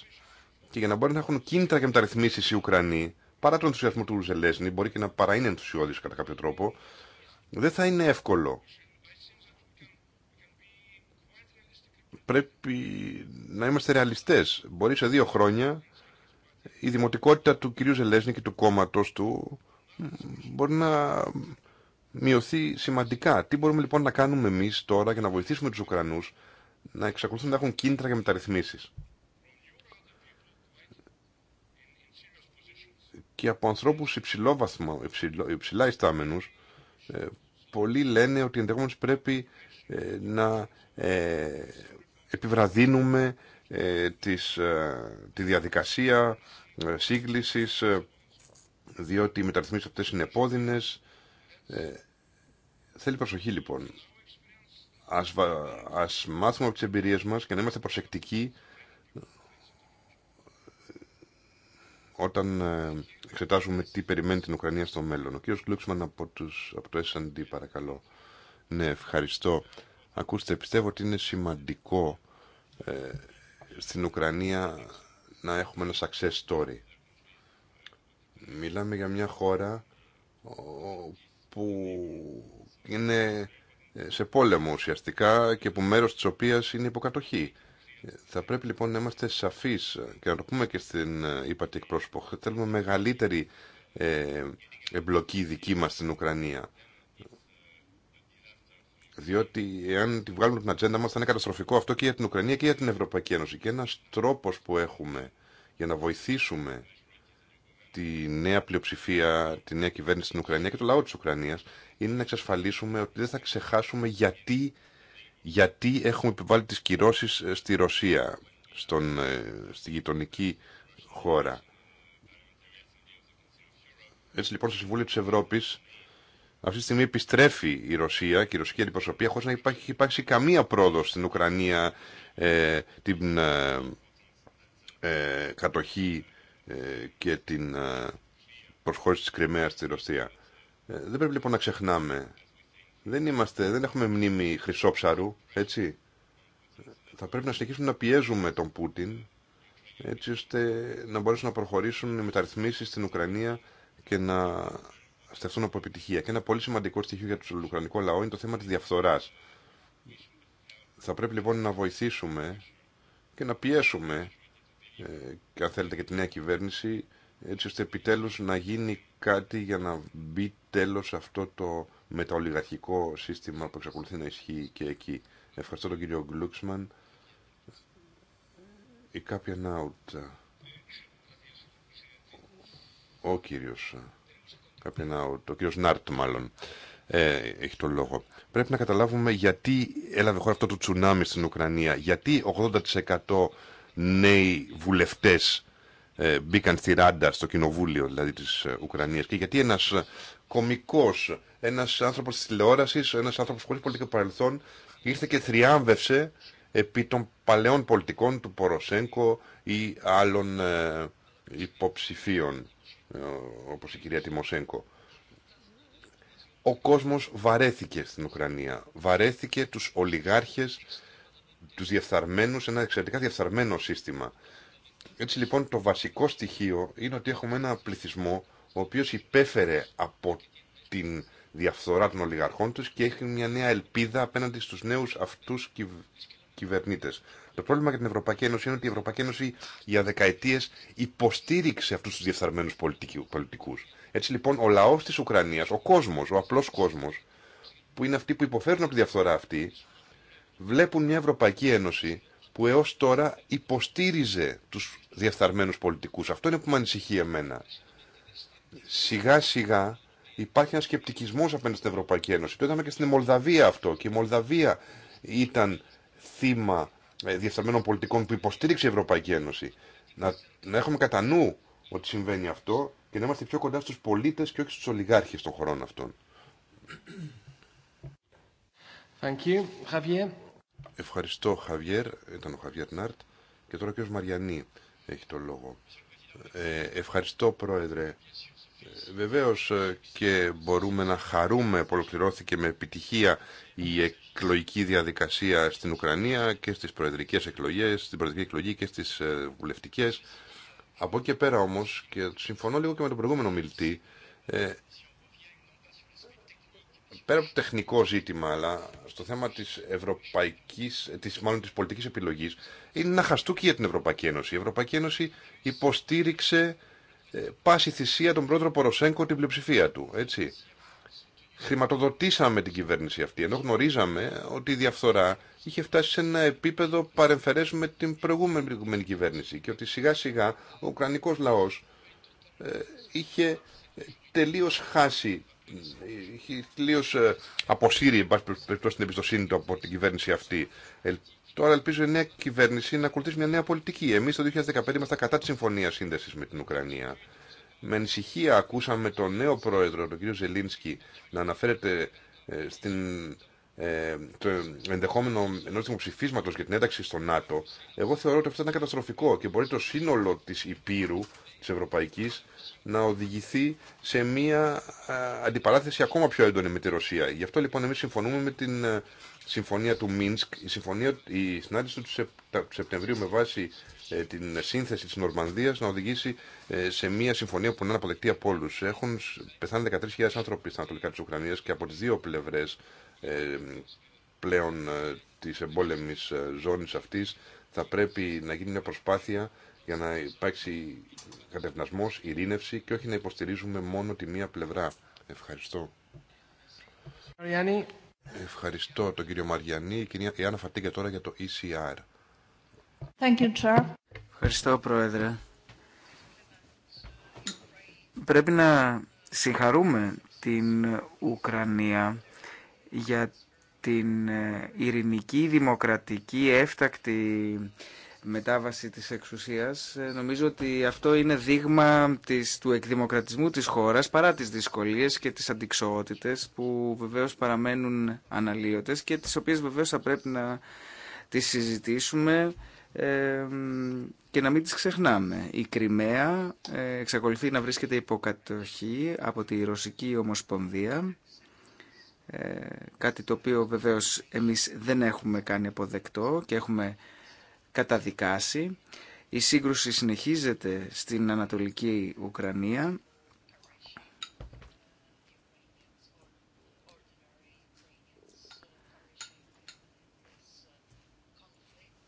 Και για να μπορεί να έχουν κίνητρα για μεταρρυθμίσει οι Ουκρανοί, παρά τον ενθουσιασμό του Ζελέσνη, μπορεί και να παρά είναι ενθουσιώδη κατά κάποιο τρόπο, δεν θα είναι εύκολο. Πρέπει να είμαστε ρεαλιστέ. Μπορεί σε δύο χρόνια η δημοτικότητα του κυρίου Ζελέσνη και του κόμματο του μπορεί να μειωθεί σημαντικά. Τι μπορούμε λοιπόν να κάνουμε εμεί τώρα για να βοηθήσουμε του Ουκρανού να εξακολουθούν να έχουν κίνητρα για μεταρρυθμίσει. Και από ανθρώπου υψηλό υψηλά ιστάμενου, ε, πολλοί λένε ότι ενδεχομένω πρέπει ε, να ε, επιβραδύνουμε ε, της, ε, τη διαδικασία σύγκλησης, διότι οι μεταρρυθμίσεις αυτές είναι επώδυνες, Θέλει προσοχή λοιπόν. Ας, ας μάθουμε από τις εμπειρίες μας και να είμαστε προσεκτικοί όταν ε, εξετάζουμε τι περιμένει την Ουκρανία στο μέλλον. Ο κύριος Κλούξμαν από, τους, από το S&D παρακαλώ. Ναι, ευχαριστώ. Ακούστε, πιστεύω ότι είναι σημαντικό ε, στην Ουκρανία να έχουμε ένα success story. Μιλάμε για μια χώρα που είναι ε, σε πόλεμο ουσιαστικά και που μέρος της οποίας είναι υποκατοχή. Ε, θα πρέπει λοιπόν να είμαστε σαφείς και να το πούμε και στην ε, είπατε εκπρόσωπο, θέλουμε μεγαλύτερη εμπλοκή δική μας στην Ουκρανία. Διότι εάν τη βγάλουμε την ατζέντα μας θα είναι καταστροφικό αυτό και για την Ουκρανία και για την Ευρωπαϊκή Ένωση. Και ένας τρόπος που έχουμε για να βοηθήσουμε τη νέα πλειοψηφία, τη νέα κυβέρνηση στην Ουκρανία και το λαό της Ουκρανίας είναι να εξασφαλίσουμε ότι δεν θα ξεχάσουμε γιατί, γιατί έχουμε επιβάλει τις κυρώσεις ε, στη Ρωσία, στον, ε, στη γειτονική χώρα. Έτσι λοιπόν στο Συμβούλιο τη Ευρώπης αυτή τη στιγμή επιστρέφει η Ρωσία και η ρωσική αντιπροσωπεία χωρίς να υπάρχει, υπάρξει καμία πρόοδο στην Ουκρανία ε, την κατοχή ε, και την ε, προσχώρηση της Κρυμαίας στη Ρωσία. Ε, δεν πρέπει λοιπόν να ξεχνάμε. Δεν, είμαστε, δεν έχουμε μνήμη χρυσόψαρου, έτσι. Θα πρέπει να συνεχίσουμε να πιέζουμε τον Πούτιν, έτσι ώστε να μπορέσουν να προχωρήσουν οι μεταρρυθμίσεις στην Ουκρανία και να στεφτούν από επιτυχία. Και ένα πολύ σημαντικό στοιχείο για τον Ουκρανικό λαό είναι το θέμα της διαφθοράς. Θα πρέπει λοιπόν να βοηθήσουμε και να πιέσουμε ε, και αν θέλετε και τη νέα κυβέρνηση έτσι ώστε επιτέλους να γίνει κάτι για να μπει τέλος αυτό το μεταολιγαρχικό σύστημα που εξακολουθεί να ισχύει και εκεί. Ευχαριστώ τον κύριο Γκλούξμαν ή κάποια νάουτα. Ο κύριος, κάποια ο κύριος Νάρτ μάλλον. Ε, έχει το λόγο. Πρέπει να καταλάβουμε γιατί έλαβε χώρα αυτό το τσουνάμι στην Ουκρανία. Γιατί 80% νέοι βουλευτές ε, μπήκαν στη ράντα στο κοινοβούλιο δηλαδή της ε, Ουκρανίας και γιατί ένας ε, κομικός, ένας άνθρωπος της τηλεόρασης, ένας άνθρωπος χωρίς πολιτικό παρελθόν ήρθε και θριάμβευσε επί των παλαιών πολιτικών του Ποροσέγκο ή άλλων υποψηφίων όπως η κυρία Τιμοσέγκο. Ο κόσμος βαρέθηκε στην Ουκρανία, βαρέθηκε τους ολιγάρχες τους διεφθαρμένους, ένα εξαιρετικά διεφθαρμένο σύστημα. Έτσι λοιπόν το βασικό στοιχείο είναι ότι έχουμε ένα πληθυσμό ο οποίος υπέφερε από την διαφθορά των ολιγαρχών τους και έχει μια νέα ελπίδα απέναντι στους νέους αυτούς κυβ... κυβερνήτες. Το πρόβλημα για την Ευρωπαϊκή Ένωση είναι ότι η Ευρωπαϊκή Ένωση για δεκαετίες υποστήριξε αυτούς τους διεφθαρμένους πολιτικούς. Έτσι λοιπόν ο λαός της Ουκρανίας, ο κόσμος, ο απλός κόσμος, που είναι αυτοί που υποφέρουν από τη διαφθορά αυτή, βλέπουν μια Ευρωπαϊκή Ένωση που έως τώρα υποστήριζε τους διεφθαρμένους πολιτικούς. Αυτό είναι που με ανησυχεί εμένα. Σιγά σιγά υπάρχει ένα σκεπτικισμός απέναντι στην Ευρωπαϊκή Ένωση. Το είδαμε και στην Μολδαβία αυτό και η Μολδαβία ήταν θύμα ε, διεφθαρμένων πολιτικών που υποστήριξε η Ευρωπαϊκή Ένωση. Να, έχουμε κατά νου ότι συμβαίνει αυτό και να είμαστε πιο κοντά στους πολίτες και όχι στους ολιγάρχες των χωρών αυτών. Thank you. Javier. Ευχαριστώ, Χαβιέρ. Ήταν ο Χαβιέρ Νάρτ. Και τώρα ο κ. Μαριανή έχει το λόγο. Ε, ευχαριστώ, Πρόεδρε. Ε, βεβαίως ε, και μπορούμε να χαρούμε που ολοκληρώθηκε με επιτυχία η εκλογική διαδικασία στην Ουκρανία και στις προεδρικές εκλογές, στην προεδρική εκλογή και στις βουλευτικέ. Από εκεί πέρα όμως, και συμφωνώ λίγο και με τον προηγούμενο μιλητή, πέρα από το τεχνικό ζήτημα, αλλά στο θέμα της ευρωπαϊκής, της, μάλλον της πολιτικής επιλογής, είναι ένα χαστούκι για την Ευρωπαϊκή Ένωση. Η Ευρωπαϊκή Ένωση υποστήριξε ε, πάση θυσία τον πρόεδρο Ποροσέγκο την πλειοψηφία του, έτσι. Χρηματοδοτήσαμε την κυβέρνηση αυτή, ενώ γνωρίζαμε ότι η διαφθορά είχε φτάσει σε ένα επίπεδο παρεμφερές με την προηγούμενη κυβέρνηση και ότι σιγά σιγά ο Ουκρανικός λαός ε, είχε τελείως χάσει ε, είχε τελείω ε, αποσύρει εν πάση περιπτώσει την εμπιστοσύνη του από την κυβέρνηση αυτή. Ε, τώρα ελπίζω η νέα κυβέρνηση να ακολουθήσει μια νέα πολιτική. Εμεί το 2015 είμαστε κατά τη συμφωνία σύνδεση με την Ουκρανία. Με ανησυχία ακούσαμε τον νέο πρόεδρο, τον κύριο Ζελίνσκι, να αναφέρεται στην, ε, το ενδεχόμενο ενό δημοψηφίσματο για την ένταξη στο ΝΑΤΟ. Εγώ θεωρώ ότι αυτό ήταν καταστροφικό και μπορεί το σύνολο τη Υπήρου, τη Ευρωπαϊκή, να οδηγηθεί σε μια αντιπαράθεση ακόμα πιο έντονη με τη Ρωσία. Γι' αυτό λοιπόν εμείς συμφωνούμε με την ε, συμφωνία του Μίνσκ. Η, συμφωνία, η συνάντηση του Σεπτεμβρίου με βάση ε, την σύνθεση της Νορμανδίας να οδηγήσει ε, σε μια συμφωνία που να είναι αποδεκτή από όλου. Έχουν πεθάνει 13.000 άνθρωποι στα ανατολικά της Ουκρανίας και από τις δύο πλευρές πλέον της εμπόλεμης ζώνης αυτής θα πρέπει να γίνει μια προσπάθεια για να υπάρξει κατευνασμός, ειρήνευση και όχι να υποστηρίζουμε μόνο τη μία πλευρά. Ευχαριστώ. Ευχαριστώ τον κύριο Μαριανή. Η κυρία Ιάννα τώρα για το ECR. Thank you, Ευχαριστώ, Πρόεδρε. Πρέπει να συγχαρούμε την Ουκρανία για την ε, ειρηνική, δημοκρατική, έφτακτη μετάβαση της εξουσίας. Ε, νομίζω ότι αυτό είναι δείγμα της, του εκδημοκρατισμού της χώρας παρά τις δυσκολίες και τις αντικσοότητες που βεβαίως παραμένουν αναλύωτες και τις οποίες βεβαίως θα πρέπει να τις συζητήσουμε ε, και να μην τις ξεχνάμε. Η Κρυμαία ε, εξακολουθεί να βρίσκεται υποκατοχή από τη Ρωσική Ομοσπονδία κάτι το οποίο βεβαίως εμείς δεν έχουμε κάνει αποδεκτό και έχουμε καταδικάσει. Η σύγκρουση συνεχίζεται στην Ανατολική Ουκρανία.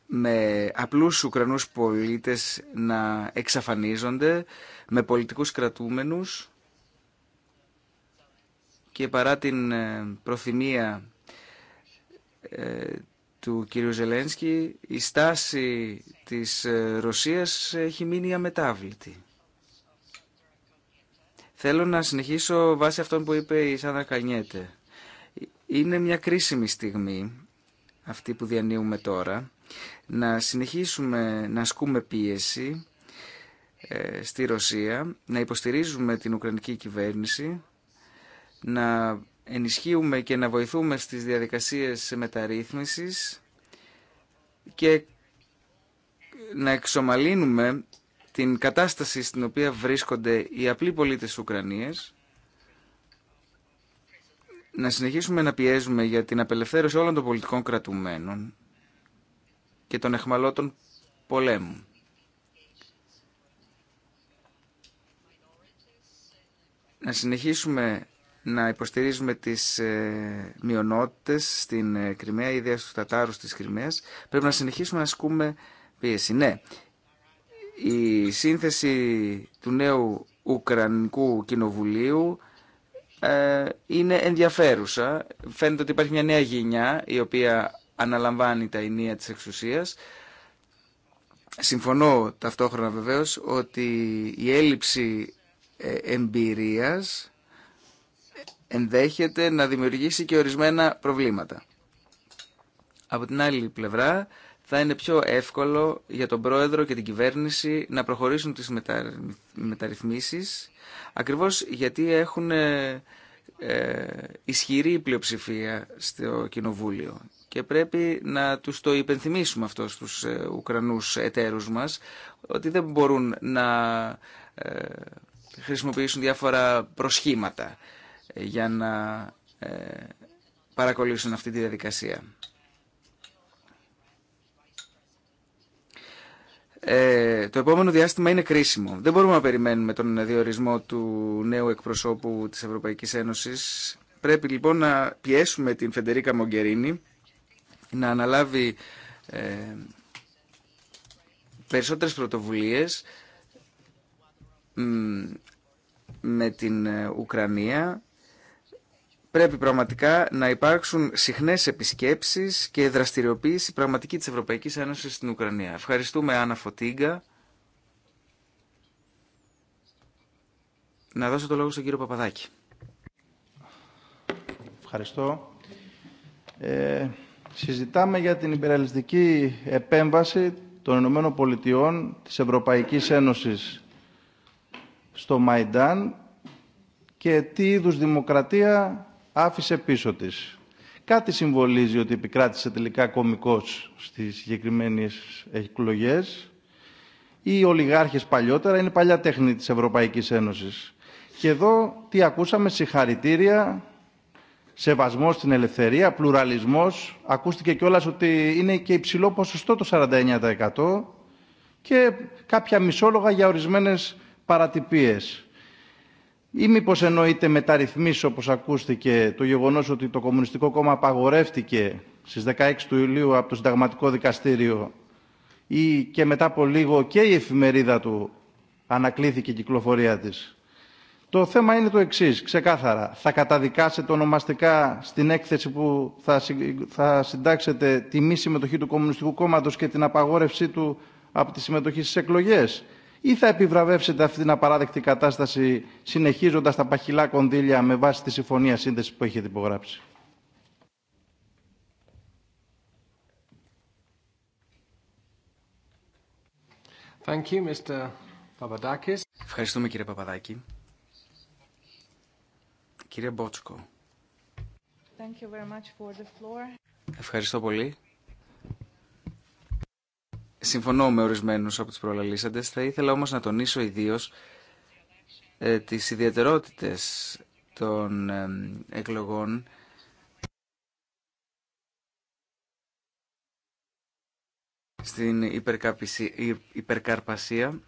με απλούς Ουκρανούς πολίτες να εξαφανίζονται, με πολιτικούς κρατούμενους και παρά την ε, προθυμία ε, του κύριου Ζελένσκι, η στάση της ε, Ρωσίας έχει μείνει αμετάβλητη. Θέλω να συνεχίσω βάσει αυτών που είπε η Σάνδρα Κανιέτε. Είναι μια κρίσιμη στιγμή, αυτή που διανύουμε τώρα, να συνεχίσουμε να ασκούμε πίεση ε, στη Ρωσία, να υποστηρίζουμε την Ουκρανική κυβέρνηση, να ενισχύουμε και να βοηθούμε στις διαδικασίες μεταρρύθμισης και να εξομαλύνουμε την κατάσταση στην οποία βρίσκονται οι απλοί πολίτες της Ουκρανίας, να συνεχίσουμε να πιέζουμε για την απελευθέρωση όλων των πολιτικών κρατουμένων και των εχμαλώτων πολέμου. Να συνεχίσουμε να υποστηρίζουμε τις ε, μειονότητες στην ε, Κρυμαία, ιδέα στους Τατάρους της Κρυμαίας. Πρέπει να συνεχίσουμε να ασκούμε πίεση. Ναι, η σύνθεση του νέου Ουκρανικού Κοινοβουλίου ε, είναι ενδιαφέρουσα. Φαίνεται ότι υπάρχει μια νέα γενιά η οποία αναλαμβάνει τα ενία της εξουσίας. Συμφωνώ ταυτόχρονα βεβαίως ότι η έλλειψη ε, εμπειρίας ενδέχεται να δημιουργήσει και ορισμένα προβλήματα. Από την άλλη πλευρά, θα είναι πιο εύκολο για τον πρόεδρο και την κυβέρνηση να προχωρήσουν τις μεταρρυθμίσεις, ακριβώς γιατί έχουν ε, ε, ισχυρή πλειοψηφία στο Κοινοβούλιο. Και πρέπει να τους το υπενθυμίσουμε αυτό στους ε, Ουκρανούς εταίρους μας, ότι δεν μπορούν να χρησιμοποιήσουν διάφορα προσχήματα ε, για να ε, παρακολουθήσουν αυτή τη διαδικασία. Ε, το επόμενο διάστημα είναι κρίσιμο. Δεν μπορούμε να περιμένουμε τον διορισμό του νέου εκπροσώπου της Ευρωπαϊκής Ένωσης. Πρέπει λοιπόν να πιέσουμε την Φεντερίκα Μογκερίνη να αναλάβει ε, περισσότερες πρωτοβουλίες με την ε, Ουκρανία πρέπει πραγματικά να υπάρξουν συχνές επισκέψεις και δραστηριοποίηση πραγματική της Ευρωπαϊκής Ένωσης στην Ουκρανία. Ευχαριστούμε Άννα Φωτίγκα. Να δώσω το λόγο στον κύριο Παπαδάκη. Ευχαριστώ. Ε, συζητάμε για την υπεραλιστική επέμβαση των Ηνωμένων Πολιτειών της Ευρωπαϊκής Ένωσης στο Μαϊντάν και τι είδους δημοκρατία άφησε πίσω της. Κάτι συμβολίζει ότι επικράτησε τελικά κομικός στις συγκεκριμένε εκλογέ. Οι ολιγάρχες παλιότερα είναι παλιά τέχνη της Ευρωπαϊκής Ένωσης. Και εδώ τι ακούσαμε, συγχαρητήρια, σεβασμός στην ελευθερία, πλουραλισμός. Ακούστηκε κιόλας ότι είναι και υψηλό ποσοστό το 49% και κάποια μισόλογα για ορισμένες παρατυπίες ή μήπω εννοείται μεταρρυθμίσει όπω ακούστηκε το γεγονό ότι το Κομμουνιστικό Κόμμα απαγορεύτηκε στι 16 του Ιουλίου από το Συνταγματικό Δικαστήριο ή και μετά από λίγο και η εφημερίδα του ανακλήθηκε η κυκλοφορία της. Το θέμα είναι το εξή, ξεκάθαρα. Θα καταδικάσετε ονομαστικά στην έκθεση που θα, θα συντάξετε τη μη συμμετοχή του Κομμουνιστικού κόμματο και την απαγόρευσή του από τη συμμετοχή στι εκλογέ ή θα επιβραβεύσετε αυτή την απαράδεκτη κατάσταση συνεχίζοντας τα παχυλά κονδύλια με βάση τη συμφωνία σύνδεση που έχετε υπογράψει. Thank you, Mr. Ευχαριστούμε κύριε Παπαδάκη. Κύριε Μπότσκο. Thank you very much for the floor. Ευχαριστώ πολύ Συμφωνώ με ορισμένου από του προλαλήσαντε. θα ήθελα όμως να τονίσω ιδίως ε, τις ιδιαιτερότητες των εκλογών στην υπερκαρπασία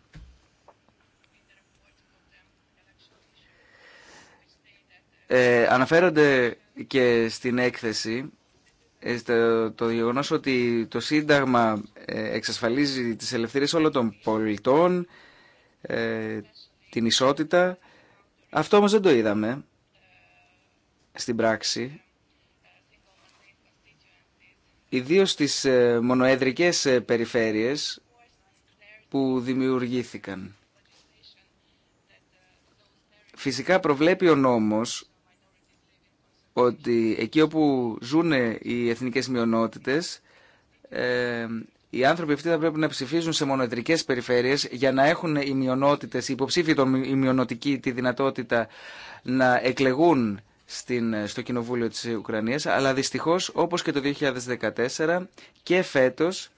ε, αναφέρονται και στην έκθεση ε, το γεγονό ότι το Σύνταγμα ε, εξασφαλίζει τις ελευθερίες όλων των πολιτών, ε, την ισότητα. Αυτό όμως δεν το είδαμε στην πράξη. Ιδίω στις μονοέδρικες περιφέρειες που δημιουργήθηκαν. Φυσικά προβλέπει ο νόμος ότι εκεί όπου ζουν οι εθνικές μειονότητες ε, οι άνθρωποι αυτοί θα πρέπει να ψηφίζουν σε μονοετρικές περιφέρειες για να έχουν οι μειονότητες, οι υποψήφοι των μειονοτικοί τη δυνατότητα να εκλεγούν στην, στο Κοινοβούλιο της Ουκρανίας, αλλά δυστυχώς όπως και το 2014 και φέτος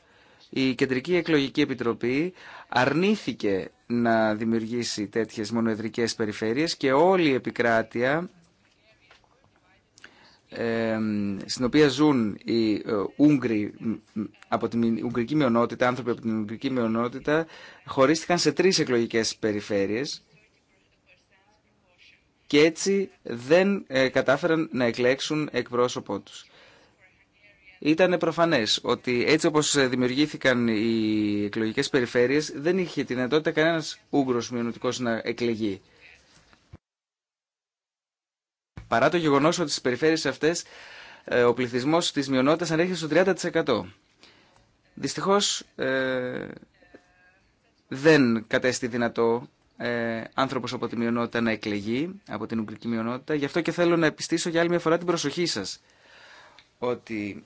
η Κεντρική Εκλογική Επιτροπή αρνήθηκε να δημιουργήσει τέτοιες μονοεδρικές περιφέρειες και όλη η επικράτεια στην οποία ζουν οι ε, Ούγγροι από την Ουγγρική μειονότητα, άνθρωποι από την Ουγγρική μειονότητα, χωρίστηκαν σε τρεις εκλογικές περιφέρειες και έτσι δεν ε, κατάφεραν να εκλέξουν εκπρόσωπό τους. Ήταν προφανές ότι έτσι όπως δημιουργήθηκαν οι εκλογικές περιφέρειες δεν είχε τη δυνατότητα κανένας Ούγγρος μειονοτικός να εκλεγεί. Παρά το γεγονό ότι στι περιφέρειε αυτέ ε, ο πληθυσμό τη μειονότητα ανέρχεται στο 30%. Δυστυχώ ε, δεν κατέστη δυνατό ε, άνθρωπο από τη μειονότητα να εκλεγεί, από την ουγγρική μειονότητα. Γι' αυτό και θέλω να επιστήσω για άλλη μια φορά την προσοχή σα ότι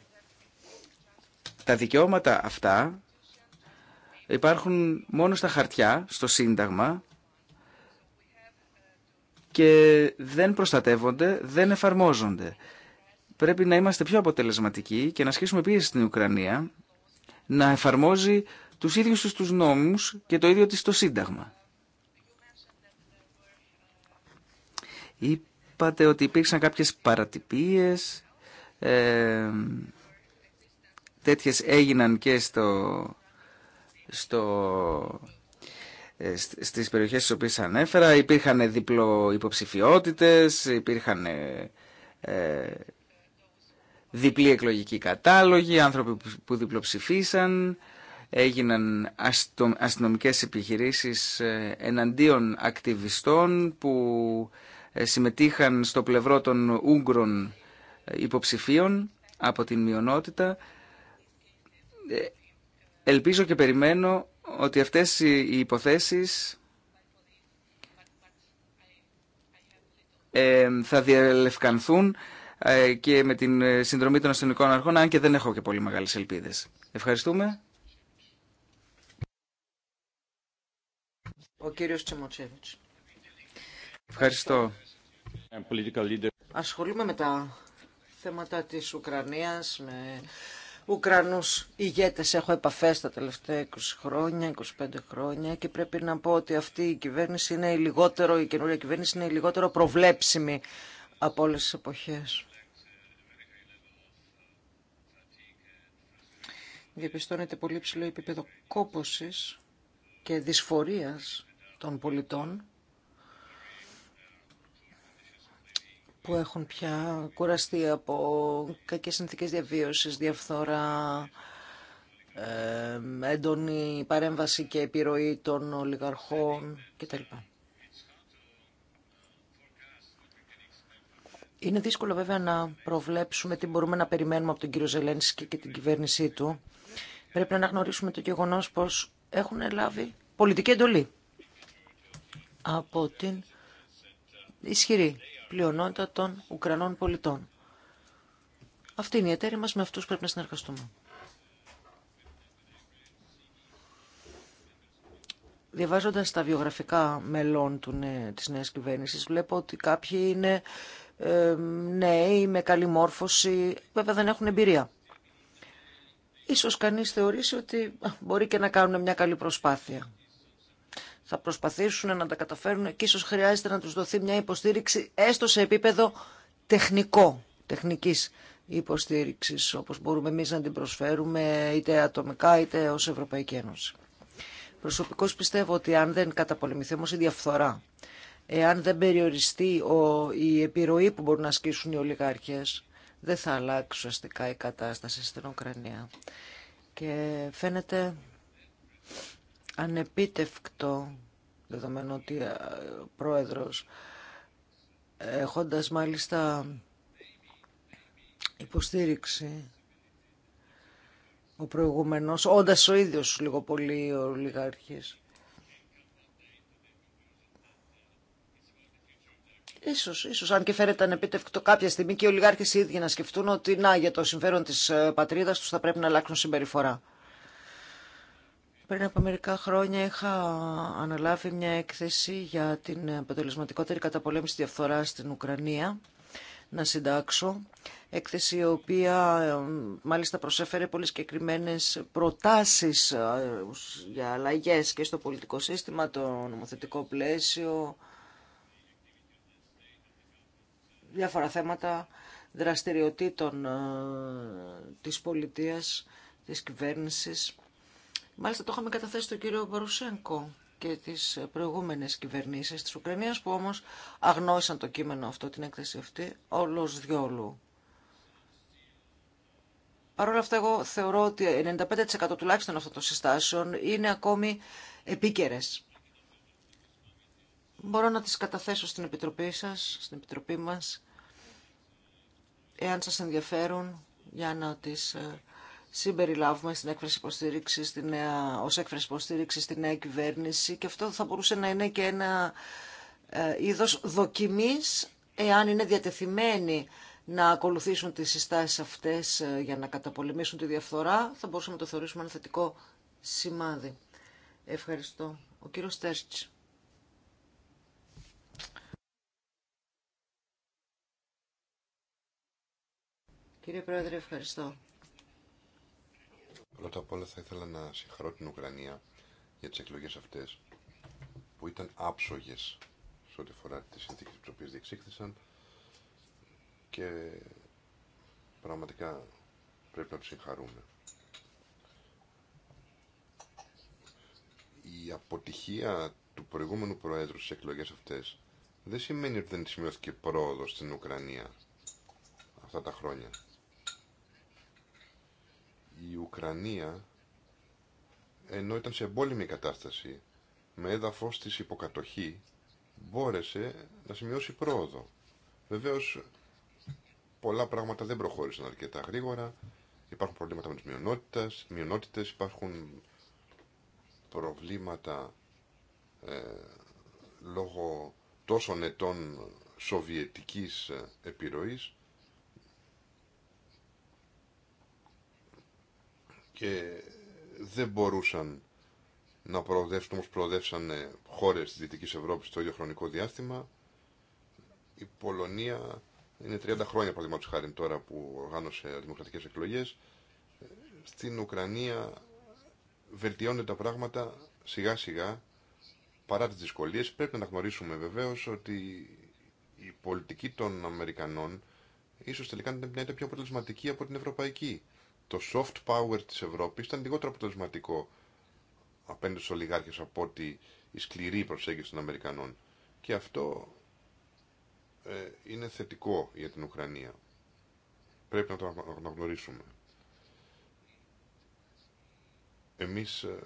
τα δικαιώματα αυτά υπάρχουν μόνο στα χαρτιά, στο Σύνταγμα και δεν προστατεύονται, δεν εφαρμόζονται. Πρέπει να είμαστε πιο αποτελεσματικοί και να ασχίσουμε πίεση στην Ουκρανία να εφαρμόζει τους ίδιους τους, τους νόμους και το ίδιο της το Σύνταγμα. Είπατε ότι υπήρξαν κάποιες παρατυπίες, ε, τέτοιες έγιναν και στο, στο ε, στις περιοχές στις οποίες ανέφερα. Υπήρχαν διπλο υποψηφιότητες, υπήρχαν ε, ε, διπλή εκλογική κατάλογη, άνθρωποι που διπλοψηφίσαν, έγιναν αστυνομικές επιχειρήσεις εναντίον ακτιβιστών που συμμετείχαν στο πλευρό των Ούγγρων υποψηφίων από την μειονότητα. Ελπίζω και περιμένω ότι αυτές οι υποθέσεις ε, θα διαλευκανθούν ε, και με την συνδρομή των αστυνομικών αρχών, αν και δεν έχω και πολύ μεγάλες ελπίδες. Ευχαριστούμε. Ο κύριος Τσεμοτσέβιτς. Ευχαριστώ. Ασχολούμαι με τα θέματα της Ουκρανίας, με Ουκρανούς ηγέτες έχω επαφές τα τελευταία 20 χρόνια, 25 χρόνια και πρέπει να πω ότι αυτή η κυβέρνηση είναι η λιγότερο, η καινούρια κυβέρνηση είναι η λιγότερο προβλέψιμη από όλες τις εποχές. Διαπιστώνεται πολύ ψηλό επίπεδο κόπωσης και δυσφορίας των πολιτών που έχουν πια κουραστεί από κακές συνθήκες διαβίωσης, διαφθορά, ε, έντονη παρέμβαση και επιρροή των ολιγαρχών κτλ. Είναι δύσκολο βέβαια να προβλέψουμε τι μπορούμε να περιμένουμε από τον κύριο Ζελένσκι και την κυβέρνησή του. Πρέπει να αναγνωρίσουμε το γεγονός πως έχουν λάβει πολιτική εντολή από την ισχυρή πλειονότητα των Ουκρανών πολιτών. Αυτή είναι η εταίρη μας, με αυτούς πρέπει να συνεργαστούμε. Διαβάζοντας τα βιογραφικά μελών του, ναι, της νέας κυβέρνησης, βλέπω ότι κάποιοι είναι ε, νέοι, με καλή μόρφωση, βέβαια δεν έχουν εμπειρία. Ίσως κανείς θεωρήσει ότι μπορεί και να κάνουν μια καλή προσπάθεια θα προσπαθήσουν να τα καταφέρουν και ίσως χρειάζεται να τους δοθεί μια υποστήριξη έστω σε επίπεδο τεχνικό, τεχνικής υποστήριξης, όπως μπορούμε εμείς να την προσφέρουμε είτε ατομικά είτε ως Ευρωπαϊκή Ένωση. Προσωπικώς πιστεύω ότι αν δεν καταπολεμηθεί όμως η διαφθορά, εάν δεν περιοριστεί ο, η επιρροή που μπορούν να ασκήσουν οι ολιγάρχες, δεν θα αλλάξει ουσιαστικά η κατάσταση στην Ουκρανία. Και φαίνεται ανεπίτευκτο, δεδομένου ότι ε, ο πρόεδρος, έχοντας μάλιστα υποστήριξη ο προηγούμενος, όντας ο ίδιος λίγο πολύ ο λιγάρχης. Ίσως, ίσως, αν και φέρεται ανεπίτευκτο κάποια στιγμή και οι ολιγάρχες οι ίδιοι να σκεφτούν ότι να, για το συμφέρον της ε, πατρίδας τους θα πρέπει να αλλάξουν συμπεριφορά. Πριν από μερικά χρόνια είχα αναλάβει μια έκθεση για την αποτελεσματικότερη καταπολέμηση διαφθορά στην Ουκρανία να συντάξω. Έκθεση η οποία μάλιστα προσέφερε πολύ συγκεκριμένε προτάσεις ε, για αλλαγέ και στο πολιτικό σύστημα, το νομοθετικό πλαίσιο, διάφορα θέματα δραστηριοτήτων ε, της πολιτείας, της κυβέρνησης Μάλιστα το είχαμε καταθέσει τον κύριο Παρουσένκο και τις προηγούμενες κυβερνήσεις της Ουκρανίας που όμως αγνόησαν το κείμενο αυτό, την έκθεση αυτή, όλος διόλου. Παρ' όλα αυτά εγώ θεωρώ ότι 95% τουλάχιστον αυτών των συστάσεων είναι ακόμη επίκαιρες. Μπορώ να τις καταθέσω στην Επιτροπή σας, στην Επιτροπή μας, εάν σας ενδιαφέρουν για να τις ε, συμπεριλάβουμε στην έκφραση υποστήριξη, στη νέα, ως έκφραση υποστήριξη στη νέα κυβέρνηση και αυτό θα μπορούσε να είναι και ένα ε, είδος δοκιμής εάν είναι διατεθειμένοι να ακολουθήσουν τις συστάσεις αυτές ε, για να καταπολεμήσουν τη διαφθορά, θα μπορούσαμε να το θεωρήσουμε ένα θετικό σημάδι. Ευχαριστώ. Ο κύριος Τέρτς. Κύριε Πρόεδρε, ευχαριστώ. Πρώτα απ' όλα θα ήθελα να συγχαρώ την Ουκρανία για τις εκλογές αυτές που ήταν άψογες σε ό,τι αφορά τις συνθήκες τις οποίες διεξήχθησαν και πραγματικά πρέπει να τους συγχαρούμε. Η αποτυχία του προηγούμενου Προέδρου στις εκλογές αυτές δεν σημαίνει ότι δεν σημειώθηκε πρόοδος στην Ουκρανία αυτά τα χρόνια η Ουκρανία ενώ ήταν σε εμπόλεμη κατάσταση με έδαφος της υποκατοχή μπόρεσε να σημειώσει πρόοδο. Βεβαίως πολλά πράγματα δεν προχώρησαν αρκετά γρήγορα, υπάρχουν προβλήματα με τις μειονότητες, μειονότητες υπάρχουν προβλήματα ε, λόγω τόσων ετών σοβιετικής ε, επιρροής και δεν μπορούσαν να προοδεύσουν, όμως προοδεύσαν χώρες της Δυτικής Ευρώπης στο ίδιο χρονικό διάστημα. Η Πολωνία είναι 30 χρόνια, τους χάρη τώρα που οργάνωσε δημοκρατικές εκλογές. Στην Ουκρανία βελτιώνουν τα πράγματα σιγά σιγά, παρά τις δυσκολίες. Πρέπει να γνωρίσουμε βεβαίως ότι η πολιτική των Αμερικανών ίσως τελικά να είναι πιο αποτελεσματική από την Ευρωπαϊκή το soft power της Ευρώπης ήταν λιγότερο αποτελεσματικό απέναντι στους ολιγάρχες από ότι η σκληρή προσέγγιση των Αμερικανών. Και αυτό ε, είναι θετικό για την Ουκρανία. Πρέπει να το αναγνωρίσουμε. Εμείς ε,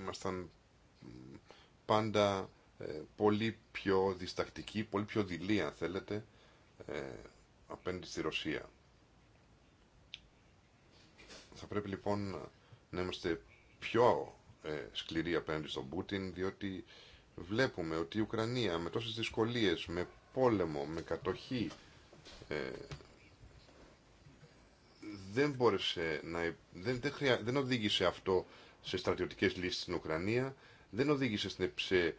ήμασταν πάντα ε, πολύ πιο διστακτικοί, πολύ πιο δειλοί αν θέλετε ε, απέναντι στη Ρωσία. Θα πρέπει λοιπόν να είμαστε πιο ε, σκληροί απέναντι στον Πούτιν, διότι βλέπουμε ότι η Ουκρανία με τόσες δυσκολίες, με πόλεμο, με κατοχή, ε, δεν μπόρεσε να... Δεν, δεν, δεν οδήγησε αυτό σε στρατιωτικές λύσεις στην Ουκρανία, δεν οδήγησε σε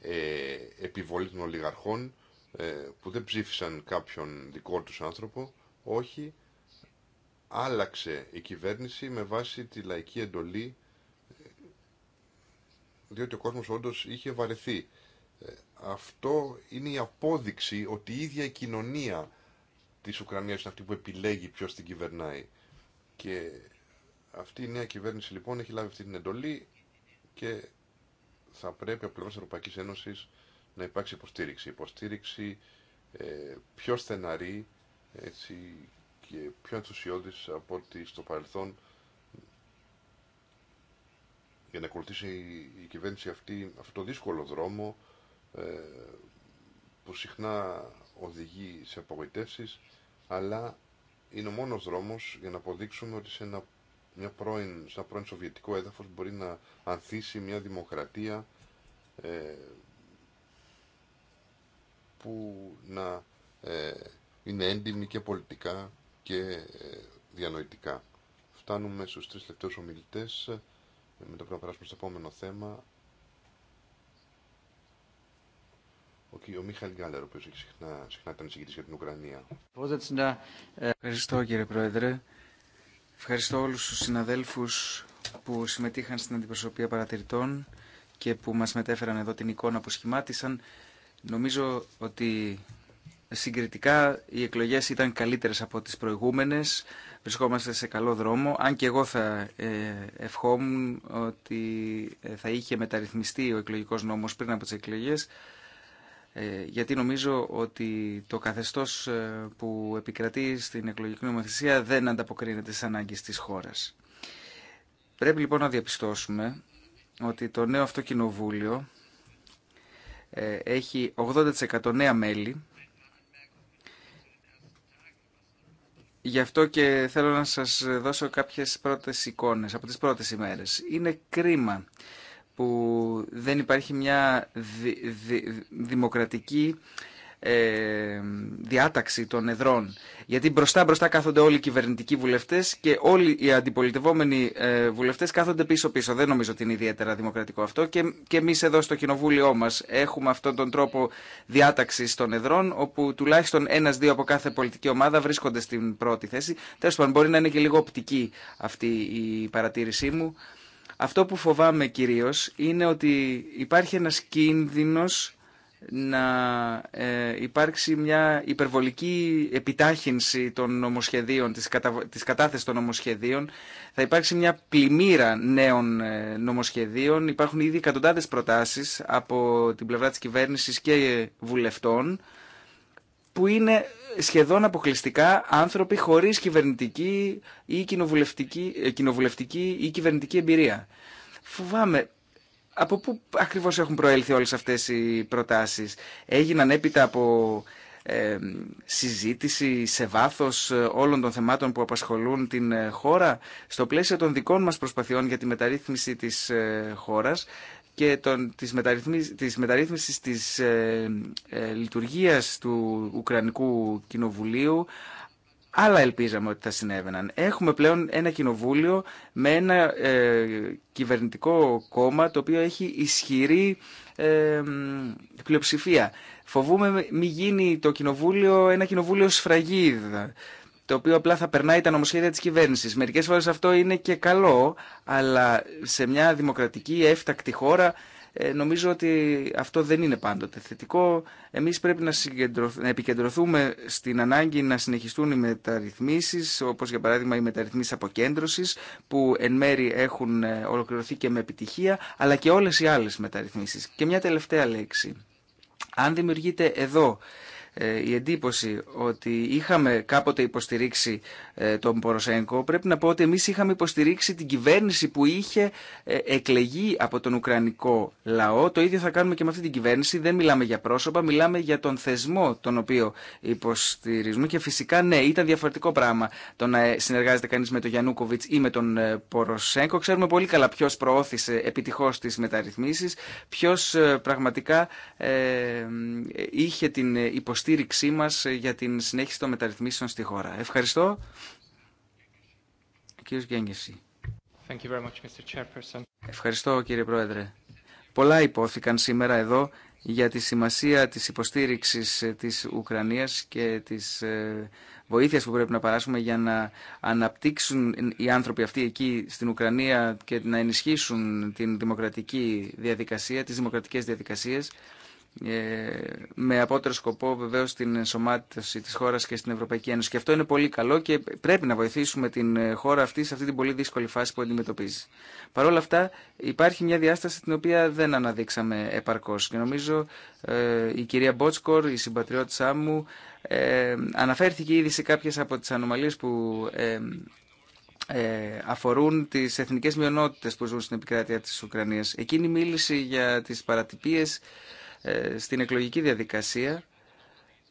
ε, επιβολή των ολιγαρχών ε, που δεν ψήφισαν κάποιον δικό τους άνθρωπο, όχι, άλλαξε η κυβέρνηση με βάση τη λαϊκή εντολή διότι ο κόσμος όντως είχε βαρεθεί. Ε, αυτό είναι η απόδειξη ότι η ίδια η κοινωνία της Ουκρανίας είναι αυτή που επιλέγει ποιος την κυβερνάει. Και αυτή η νέα κυβέρνηση λοιπόν έχει λάβει αυτή την εντολή και θα πρέπει από πλευρά τη Ευρωπαϊκή να υπάρξει υποστήριξη. Υποστήριξη ε, πιο στεναρή έτσι, και πιο ενθουσιώδης από ότι στο παρελθόν για να ακολουθήσει η κυβέρνηση αυτή αυτό το δύσκολο δρόμο ε, που συχνά οδηγεί σε απογοητεύσεις αλλά είναι ο μόνος δρόμος για να αποδείξουμε ότι σε ένα, μια πρώην, σε σοβιετικό έδαφος μπορεί να ανθίσει μια δημοκρατία ε, που να ε, είναι έντιμη και πολιτικά και ε, διανοητικά. Φτάνουμε στους τρεις λεπτούς ομιλητές, με το που περάσουμε στο επόμενο θέμα. Ο, Μίχαλ Γκάλερ, ο οποίος έχει συχνά, συχνά ήταν για την Ουκρανία. Ευχαριστώ κύριε Πρόεδρε. Ευχαριστώ όλους τους συναδέλφους που συμμετείχαν στην αντιπροσωπεία παρατηρητών και που μας μετέφεραν εδώ την εικόνα που σχημάτισαν. Νομίζω ότι συγκριτικά οι εκλογές ήταν καλύτερες από τις προηγούμενες. Βρισκόμαστε σε καλό δρόμο. Αν και εγώ θα ε, ευχόμουν ότι ε, θα είχε μεταρρυθμιστεί ο εκλογικός νόμος πριν από τις εκλογές ε, γιατί νομίζω ότι το καθεστώς που επικρατεί στην εκλογική νομοθεσία δεν ανταποκρίνεται στις ανάγκες της χώρας. Πρέπει λοιπόν να διαπιστώσουμε ότι το νέο αυτό κοινοβούλιο έχει 80% νέα μέλη Γι' αυτό και θέλω να σας δώσω κάποιες πρώτες εικόνες από τις πρώτες ημέρες. Είναι κρίμα που δεν υπάρχει μια δημοκρατική ε, διάταξη των εδρών. Γιατί μπροστά μπροστά κάθονται όλοι οι κυβερνητικοί βουλευτέ και όλοι οι αντιπολιτευόμενοι ε, βουλευτέ κάθονται πίσω-πίσω. Δεν νομίζω ότι είναι ιδιαίτερα δημοκρατικό αυτό. Και, και εμεί εδώ στο κοινοβούλιο μα έχουμε αυτόν τον τρόπο διάταξη των εδρών, όπου τουλάχιστον ένα-δύο από κάθε πολιτική ομάδα βρίσκονται στην πρώτη θέση. Τέλο πάντων, μπορεί να είναι και λίγο οπτική αυτή η παρατήρησή μου. Αυτό που φοβάμαι κυρίω είναι ότι υπάρχει ένα κίνδυνο να ε, υπάρξει μια υπερβολική επιτάχυνση των νομοσχεδίων, της, κατα... κατάθεσης των νομοσχεδίων. Θα υπάρξει μια πλημμύρα νέων ε, νομοσχεδίων. Υπάρχουν ήδη εκατοντάδες προτάσεις από την πλευρά της κυβέρνησης και βουλευτών που είναι σχεδόν αποκλειστικά άνθρωποι χωρίς κυβερνητική ή κοινοβουλευτική, ε, κοινοβουλευτική ή κυβερνητική εμπειρία. Φοβάμαι από πού ακριβώς έχουν προέλθει όλες αυτές οι προτάσεις. Έγιναν έπειτα από ε, συζήτηση σε βάθος όλων των θεμάτων που απασχολούν την ε, χώρα απο συζητηση πλαίσιο των δικών μας προσπαθειών για τη μεταρρύθμιση της ε, χώρας και των, της, μεταρρύθμισης, της μεταρρύθμισης ε, λειτουργίας του Ουκρανικού Κοινοβουλίου άλλα ελπίζαμε ότι θα συνέβαιναν. Έχουμε πλέον ένα κοινοβούλιο με ένα ε, κυβερνητικό κόμμα το οποίο έχει ισχυρή ε, πλειοψηφία. Φοβούμε μη γίνει το κοινοβούλιο ένα κοινοβούλιο σφραγίδα το οποίο απλά θα περνάει τα νομοσχέδια της κυβέρνησης. Μερικές φορές αυτό είναι και καλό, αλλά σε μια δημοκρατική, έφτακτη χώρα ε, νομίζω ότι αυτό δεν είναι πάντοτε θετικό. Εμείς πρέπει να, να επικεντρωθούμε στην ανάγκη να συνεχιστούν οι μεταρρυθμίσεις, όπως για παράδειγμα οι μεταρρυθμίσεις αποκέντρωσης, που εν μέρη έχουν ε, ολοκληρωθεί και με επιτυχία, αλλά και όλες οι άλλες μεταρρυθμίσεις. Και μια τελευταία λέξη. Αν δημιουργείται εδώ ε, η εντύπωση ότι είχαμε κάποτε υποστηρίξει ε, τον Ποροσέγκο, πρέπει να πω ότι εμείς είχαμε υποστηρίξει την κυβέρνηση που είχε ε, εκλεγεί από τον Ουκρανικό λαό. Το ίδιο θα κάνουμε και με αυτή την κυβέρνηση. Δεν μιλάμε για πρόσωπα, μιλάμε για τον θεσμό τον οποίο υποστηρίζουμε. Και φυσικά ναι, ήταν διαφορετικό πράγμα το να συνεργάζεται κανείς με τον Γιαννούκοβιτ ή με τον Ποροσέγκο. Ξέρουμε πολύ καλά ποιο προώθησε επιτυχώ τι μεταρρυθμίσει, ποιο πραγματικά είχε την υποστήριξη υποστήριξή μας ε, για την συνέχιση των μεταρρυθμίσεων στη χώρα. Ευχαριστώ. Κύριος Γκέγγεση. Ευχαριστώ κύριε Πρόεδρε. Πολλά υπόθηκαν σήμερα εδώ για τη σημασία της υποστήριξης ε, της Ουκρανίας και της ε, βοήθειας που πρέπει να παράσουμε για να αναπτύξουν οι άνθρωποι αυτοί εκεί στην Ουκρανία και να ενισχύσουν την δημοκρατική διαδικασία, τις δημοκρατικές διαδικασίες. Ε, με απότερο σκοπό βεβαίως την ενσωμάτωση της χώρας και στην Ευρωπαϊκή Ένωση. Και αυτό είναι πολύ καλό και πρέπει να βοηθήσουμε την ε, χώρα αυτή σε αυτή την πολύ δύσκολη φάση που αντιμετωπίζει. Παρ' όλα αυτά υπάρχει μια διάσταση την οποία δεν αναδείξαμε επαρκώς και νομίζω ε, η κυρία Μπότσκορ, η συμπατριώτησά μου, αναφέρθηκε ήδη σε κάποιες από τις ανομαλίες που αφορούν τις εθνικές μειονότητες που ζουν στην επικράτεια της Ουκρανίας. Εκείνη μίλησε για τις παρατυπίες ε, στην εκλογική διαδικασία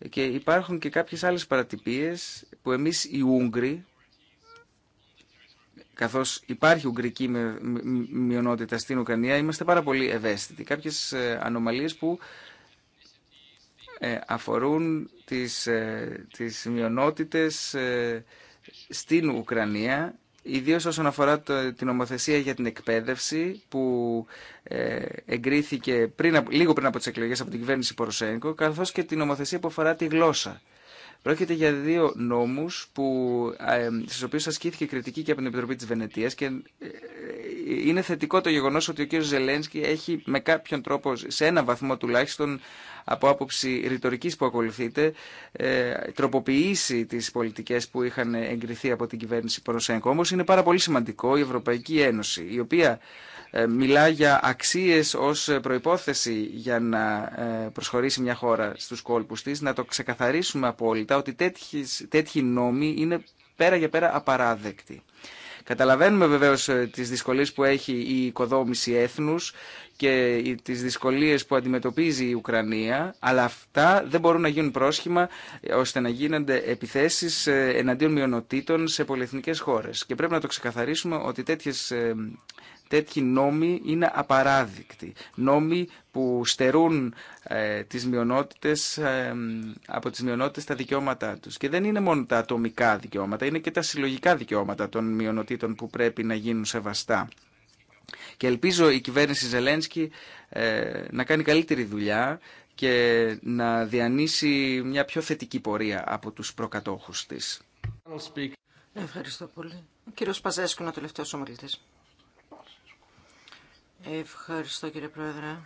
και υπάρχουν και κάποιες άλλες παρατυπίες που εμείς οι Ούγγροι, καθώς υπάρχει ουγγρική μειονότητα στην Ουκρανία, είμαστε πάρα πολύ ευαίσθητοι. Κάποιες ε, ανομαλίες που ε, αφορούν τις, τις μειονότητες στην Ουκρανία Ιδίω όσον αφορά το, την ομοθεσία για την εκπαίδευση που ε, εγκρίθηκε πριν, λίγο πριν από τις εκλογέ από την κυβέρνηση Ποροσέγκο καθώ και την ομοθεσία που αφορά τη γλώσσα. Πρόκειται για δύο νόμους που, ε, οποίους ασκήθηκε κριτική και από την Επιτροπή της Βενετίας και ε, ε, είναι θετικό το γεγονός ότι ο κ. Ζελένσκι έχει με κάποιον τρόπο, σε ένα βαθμό τουλάχιστον, από άποψη ρητορική που ακολουθείται ε, τροποποιήσει τι πολιτικέ που είχαν εγκριθεί από την κυβέρνηση Ποροσέγκο. Όμως είναι πάρα πολύ σημαντικό η Ευρωπαϊκή Ένωση, η οποία ε, μιλά για αξίες ως προϋπόθεση για να ε, προσχωρήσει μια χώρα στους κόλπους της, να το ξεκαθαρίσουμε απόλυτα ότι τέτοιοι νόμοι είναι πέρα για πέρα απαράδεκτοι. Καταλαβαίνουμε βεβαίως ε, τις δυσκολίες που έχει η οικοδόμηση έθνους και τις δυσκολίες που αντιμετωπίζει η Ουκρανία, αλλά αυτά δεν μπορούν να γίνουν πρόσχημα ε, ώστε να γίνονται επιθέσεις ε, εναντίον μειονοτήτων σε πολυεθνικές χώρες. Και πρέπει να το ξεκαθαρίσουμε ότι τέτοιε τέτοιοι νόμοι είναι απαράδεικτοι. Νόμοι που στερούν ε, τις μειονότητες, ε, από τις μειονότητες τα δικαιώματά τους. Και δεν είναι μόνο τα ατομικά δικαιώματα, είναι και τα συλλογικά δικαιώματα των μειονοτήτων που πρέπει να γίνουν σεβαστά. Και ελπίζω η κυβέρνηση Ζελένσκι ε, να κάνει καλύτερη δουλειά και να διανύσει μια πιο θετική πορεία από τους προκατόχους της. Ευχαριστώ πολύ. Ο κύριος Παζέσκου ο τελευταίος Ευχαριστώ κύριε Πρόεδρε.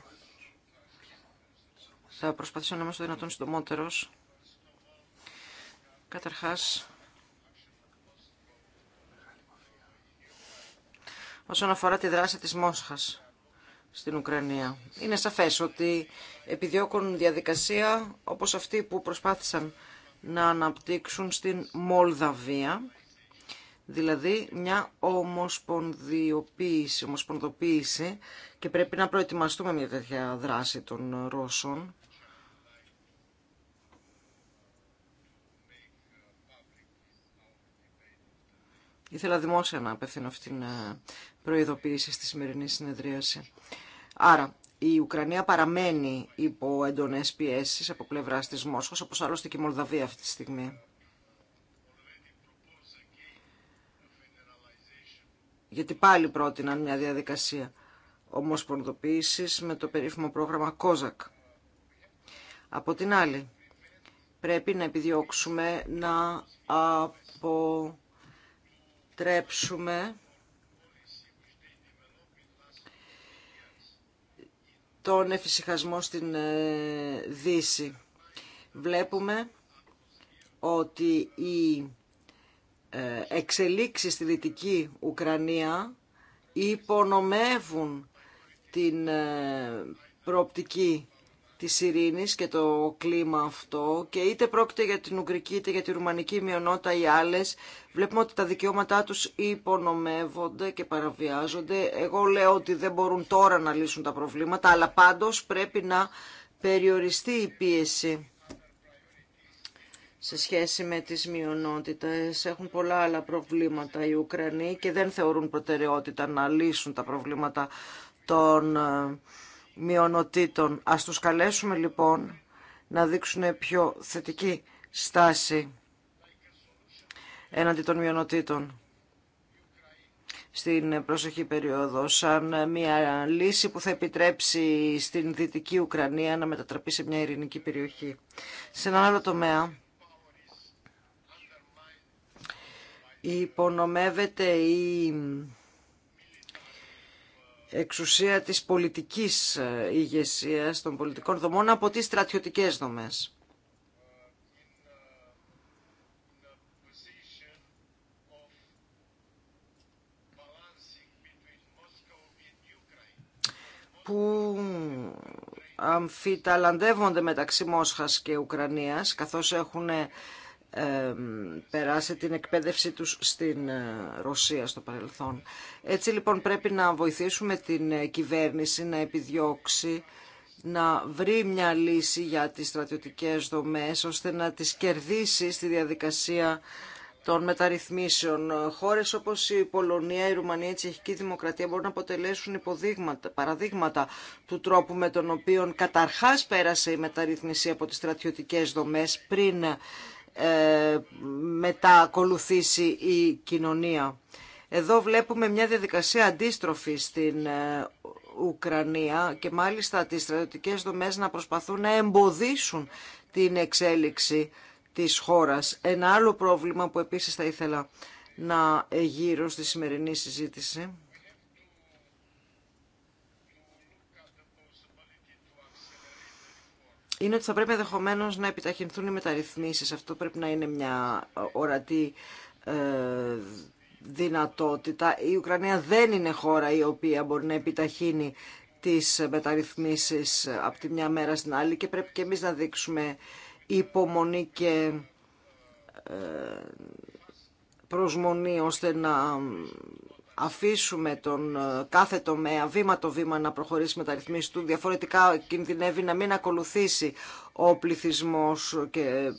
Θα προσπαθήσω να είμαι στο δυνατόν συντομότερος. Καταρχάς, όσον αφορά τη δράση της Μόσχας στην Ουκρανία. Είναι σαφές ότι επιδιώκουν διαδικασία όπως αυτή που προσπάθησαν να αναπτύξουν στην Μολδαβία δηλαδή μια ομοσπονδιοποίηση, ομοσπονδοποίηση και πρέπει να προετοιμαστούμε μια τέτοια δράση των Ρώσων. Ήθελα δημόσια να απευθύνω αυτήν την ε, προειδοποίηση στη σημερινή συνεδρίαση. Άρα, η Ουκρανία παραμένει υπό εντονές πιέσεις από πλευράς της Μόσχας, όπως άλλωστε και η Μολδαβία αυτή τη στιγμή. γιατί πάλι πρότειναν μια διαδικασία ομοσπονδοποίησης με το περίφημο πρόγραμμα COSAC. Από την άλλη, πρέπει να επιδιώξουμε να αποτρέψουμε τον εφησυχασμό στην ε, Δύση. Βλέπουμε ότι η ε, εξελίξεις στη Δυτική Ουκρανία υπονομεύουν την ε, προοπτική της ειρήνης και το κλίμα αυτό και είτε πρόκειται για την Ουγγρική είτε για τη Ρουμανική μειονότητα ή άλλες βλέπουμε ότι τα δικαιώματά τους υπονομεύονται και παραβιάζονται. Εγώ λέω ότι δεν μπορούν τώρα να λύσουν τα προβλήματα αλλά πάντως πρέπει να περιοριστεί η πίεση σε σχέση με τις μειονότητες. Έχουν πολλά άλλα προβλήματα οι Ουκρανοί και δεν θεωρούν προτεραιότητα να λύσουν τα προβλήματα των ε, μειονοτήτων. Ας τους καλέσουμε λοιπόν να δείξουν πιο θετική στάση έναντι των μειονοτήτων στην προσεχή περίοδο σαν μια λύση που θα επιτρέψει στην Δυτική Ουκρανία να μετατραπεί σε μια ειρηνική περιοχή. Σε ένα άλλο τομέα υπονομεύεται η εξουσία της πολιτικής ηγεσία των πολιτικών δομών από τις στρατιωτικές δομές. που αμφιταλαντεύονται μεταξύ Μόσχας και Ουκρανίας, καθώς έχουν περάσει την εκπαίδευση τους στην ε, Ρωσία στο παρελθόν. Έτσι λοιπόν πρέπει να βοηθήσουμε την ε, κυβέρνηση να επιδιώξει να βρει μια λύση για τις στρατιωτικές δομές ώστε να τις κερδίσει στη διαδικασία των μεταρρυθμίσεων. Χώρες όπως η Πολωνία, η Ρουμανία, η Τσεχική Δημοκρατία μπορούν να αποτελέσουν παραδείγματα του τρόπου με τον οποίο καταρχάς πέρασε η μεταρρύθμιση από τις στρατιωτικές δομές πριν ε, μετά ακολουθήσει η κοινωνία. Εδώ βλέπουμε μια διαδικασία αντίστροφη στην ε, Ουκρανία και μάλιστα τις στρατιωτικές δομές να προσπαθούν να εμποδίσουν την εξέλιξη της χώρας. Ένα άλλο πρόβλημα που επίσης θα ήθελα να γύρω στη σημερινή συζήτηση είναι ότι θα πρέπει ενδεχομένω να επιταχυνθούν οι μεταρρυθμίσεις. Αυτό πρέπει να είναι μια ορατή ε, δυνατότητα. Η Ουκρανία δεν είναι χώρα η οποία μπορεί να επιταχύνει τις μεταρρυθμίσεις από τη μια μέρα στην άλλη και πρέπει και εμείς να δείξουμε υπομονή και ε, προσμονή ώστε να αφήσουμε τον ε, κάθε τομέα βήμα το βήμα να προχωρήσει με τα ρυθμίσεις του, διαφορετικά κινδυνεύει να μην ακολουθήσει ο πληθυσμός και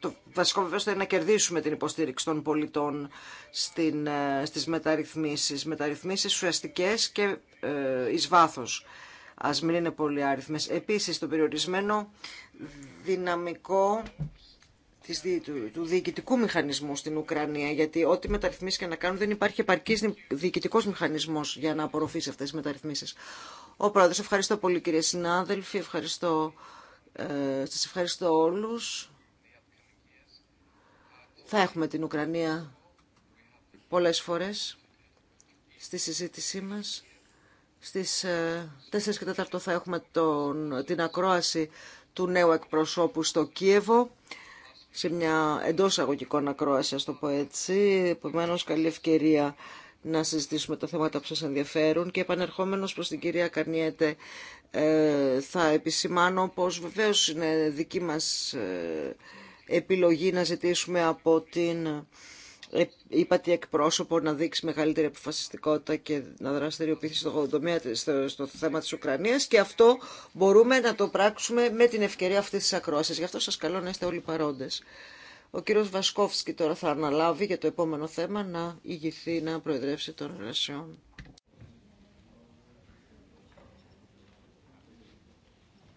το βασικό βεβαίως είναι να κερδίσουμε την υποστήριξη των πολιτών στην, ε, στις μεταρρυθμίσεις. Μεταρρυθμίσεις ουσιαστικές και ε, εις βάθος. Ας μην είναι πολύ άριθμες. Επίσης, το περιορισμένο δυναμικό της, του, του διοικητικού μηχανισμού στην Ουκρανία, γιατί ό,τι μεταρρυθμίσεις και να κάνουν δεν υπάρχει επαρκή διοικητικός μηχανισμός για να απορροφήσει αυτές τις μεταρρυθμίσεις. Ο Πρόεδρος, ευχαριστώ πολύ κύριε συνάδελφοι, ευχαριστώ, ε, σας ευχαριστώ όλους. Θα έχουμε την Ουκρανία πολλές φορές στη συζήτησή μας. Στις 4 ε, και 4 θα έχουμε τον, την ακρόαση του νέου εκπροσώπου στο Κίεβο σε μια εντός αγωγικών ακρόαση, ας το πω έτσι. Επομένω, καλή ευκαιρία να συζητήσουμε τα θέματα που σας ενδιαφέρουν και επανερχόμενος προς την κυρία Καρνιέτε ε, θα επισημάνω πως βεβαίως είναι δική μας ε, επιλογή να ζητήσουμε από την ε, είπατε εκπρόσωπο να δείξει μεγαλύτερη αποφασιστικότητα και να δραστηριοποιηθεί στο, στο, στο θέμα της Ουκρανίας και αυτό μπορούμε να το πράξουμε με την ευκαιρία αυτής της ακρόασης. Γι' αυτό σας καλώ να είστε όλοι παρόντες. Ο κύριος Βασκόφσκι τώρα θα αναλάβει για το επόμενο θέμα να ηγηθεί, να προεδρεύσει των εργασιών.